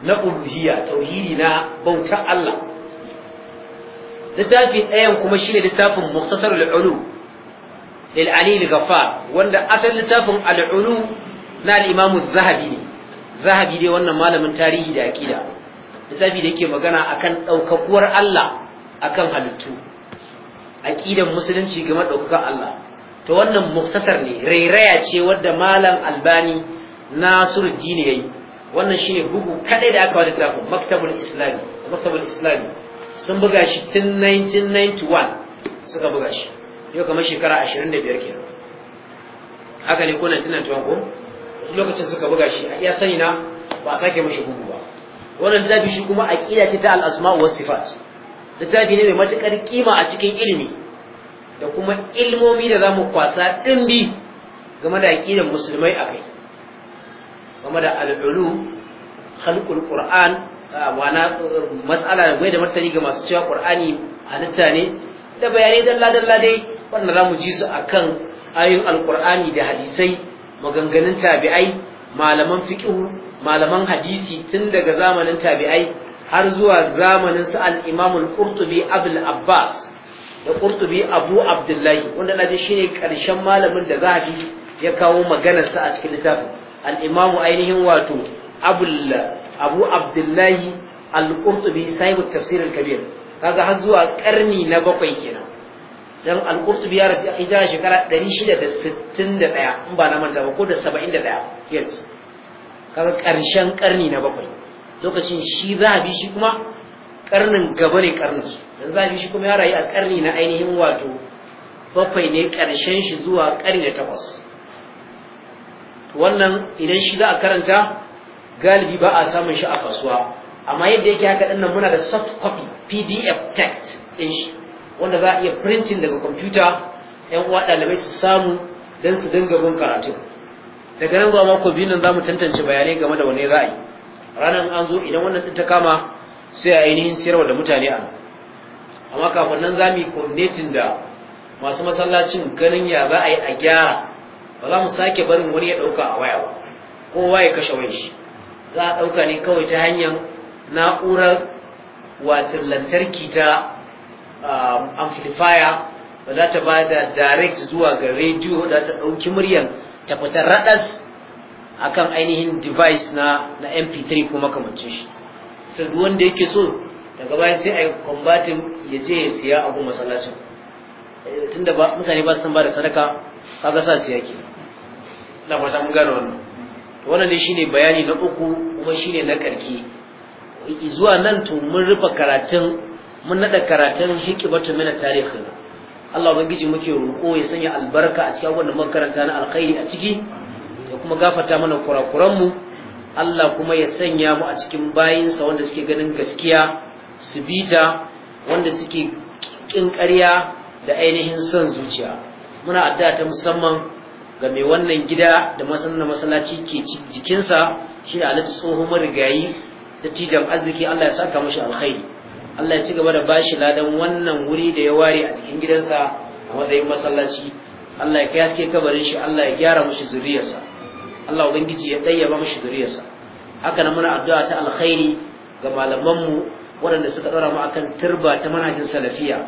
na uluhiyya tauhidi na bautar Allah littafi ɗayan kuma shine littafin al ulu lil ali al ghafar wanda asalin littafin al-ulu na al-imam zahabi ne zahabi dai wannan malamin tarihi da aqida littafi da yake magana akan ɗaukakuwar Allah akan halittu aqidan musulunci game da daukakar Allah to wannan muktasar ne rairaya ce wadda malam albani dini yayi wannan shine bugu kadai da aka wada littafin maktabul islami maktabul islami sun buga shi tun 1991 suka buga shi yau kamar shekara 25 kenan haka ne ko 1991 ko lokacin suka buga shi iya sani na ba a sake mashi bugu ba wannan littafi shi kuma aqida ta ta al-asma wa sifat littafi ne mai matukar kima a cikin ilimi da kuma ilmomi da zamu kwasa bi game da aqidan musulmai akai game da al'ulu khalqul qur'an wana mas'ala mai da martani ga masu cewa qur'ani halitta ne da bayanai dalla dalla dai wannan zamu ji su akan ayoyin alqur'ani da hadisai maganganun tabi'ai malaman fiqh malaman hadisi tun daga zamanin tabi'ai har zuwa zamanin su al-imam al-qurtubi abul abbas da qurtubi abu abdullahi wanda na ji shine karshen malamin da za zahabi ya kawo maganar maganarsa a cikin littafin al-imam ainihin wato abul abu abdullahi al-qurtubi sahibu tafsir al-kabir kaga har zuwa na bakwai kenan dan al-qurtubi ya rasu hijira shekara 661 in ba na manta ba ko da 71 yes kaga karshen karni na bakwai lokacin shi za zahabi shi kuma karnin gaba ne karnin su dan zahabi shi kuma ya rayu a karni na ainihin wato bakwai ne karshen shi zuwa karni na takwas wannan idan shi za a karanta galibi ba a samun shi a kasuwa amma yadda yake haka dinnan muna da soft copy pdf text din shi wanda za a iya printing daga kwamfuta yan uwa ɗalibai su samu don su dinga bin karatu daga nan zuwa mako biyu nan za mu tantance bayanai game da wani ra'ayi ranar an zo idan wannan din ta kama sai a ainihin siyarwa da mutane a amma kafin nan za mu yi coordinating da masu masallacin ganin ya za a yi a gyara ba za mu sake barin wani ya ɗauka a waya ba kowa ya kashe wani shi za a ɗauka ne kawai ta hanyar na'urar wato lantarki ta amplifier ba za ta ba da direct zuwa ga rediyo da ta ɗauki muryar ta fita raɗas akan ainihin device na na mp3 ko makamancin shi sai duk wanda yake so daga baya sai a yi combatin ya je ya siya abu masallacin eh, tunda mutane ba su san ba da sadaka kaga sa su ke na fata mun gano wannan to wannan ne shine bayani na uku kuma shine na karki zuwa nan to mun rufe karatun mun nada karatun hikibatu min tarihi Allah ubangiji muke roƙo ya sanya albarka a cikin wannan makaranta na alkhairi a ciki ya kuma gafarta mana kurakuran mu Allah kuma ya sanya mu a cikin bayinsa wanda suke ganin gaskiya su bita wanda suke kin ƙarya da ainihin son zuciya muna addu'a ta musamman ga mai wannan gida da masana masallaci ke jikinsa shi da alhaji tsohon marigayi da tijan arziki Allah ya saka mashi alkhairi Allah ya ci gaba da bashi ladan wannan wuri da ya ware a cikin gidansa a matsayin masallaci Allah ya kaske kabarin shi Allah ya gyara mashi zuriyarsa Allah ubangiji ya tayyaba mashi zuriyarsa haka nan muna addu'a ta alkhairi ga malamanmu waɗanda suka ɗora mu akan turba ta manhajin salafiya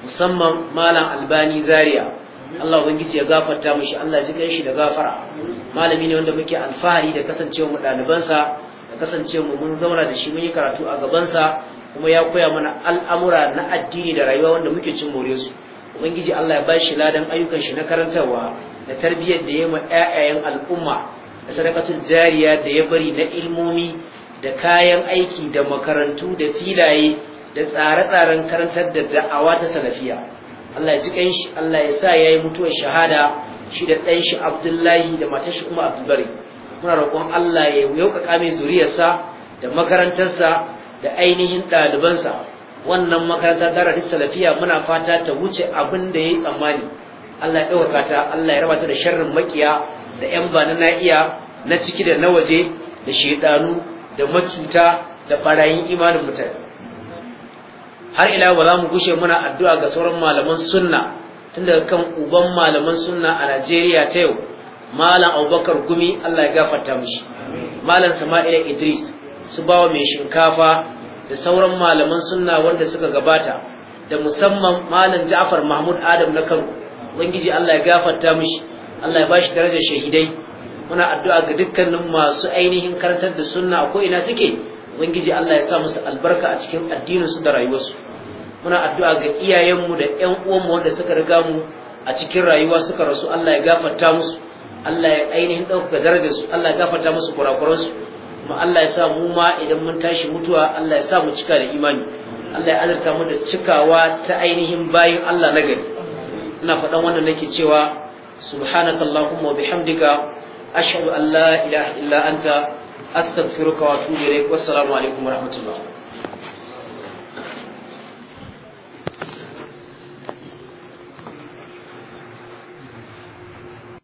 musamman malam albani zaria Allah ubangiji ya gafarta mishi Allah ji kai shi da gafara malami ne wanda muke alfahari da kasancewa mu ɗalibansa da kasancewa mu mun zauna da shi mun yi karatu a gabansa kuma ya koya mana al'amura na addini da rayuwa wanda muke cin more su ubangiji Allah ya bashi ladan ayyukan shi na karantarwa da tarbiyyar da ya ma ƴaƴayen al'umma da sadakatul jariya da ya bari na ilmomi da kayan aiki da makarantu da filaye da tsare-tsaren karantar da da'awa ta salafiya Allah ya ji kanshi Allah ya sa yayi mutuwar shahada shi da ɗan shi Abdullahi da matar shi kuma Abdulbari muna roƙon Allah ya yaukaka mai zuriyarsa da makarantarsa da ainihin ɗalibansa wannan makaranta ta Radis Salafiya muna fata ta wuce abin da yayi tsammani Allah ya ɗaukaka ta Allah ya rabata da sharrin makiya da ƴan bana na iya na ciki da na waje da shedanu da macuta da barayin imanin mutane har ila ba za mu gushe muna addu'a ga sauran malaman sunna tun daga kan uban malaman sunna a Najeriya ta yau malam Abubakar Gumi Allah ya gafarta mishi malam Sama'il Idris su bawa mai shinkafa da sauran malaman sunna wanda suka gabata da musamman malam Ja'far Mahmud Adam na Kano ubangiji Allah ya gafarta mishi Allah ya bashi darajar shahidai muna addu'a ga dukkanin masu ainihin karantar da sunna a ko ina suke ubangiji Allah ya sa musu albarka a cikin addinin su da rayuwarsu muna addu'a ga iyayenmu da 'yan uwanmu wanda suka riga mu a cikin rayuwa suka rasu Allah ya gafarta musu Allah ya ainihin ɗaukaka darajar su Allah ya gafarta musu kurakuran su kuma Allah ya sa mu ma idan mun tashi mutuwa Allah ya sa mu cika da imani Allah ya azurta mu da cikawa ta ainihin bayin Allah na gari ina faɗan wannan nake cewa subhanaka allahumma wa bihamdika ashhadu an la ilaha illa anta astaghfiruka wa atubu ilaik wassalamu alaikum wa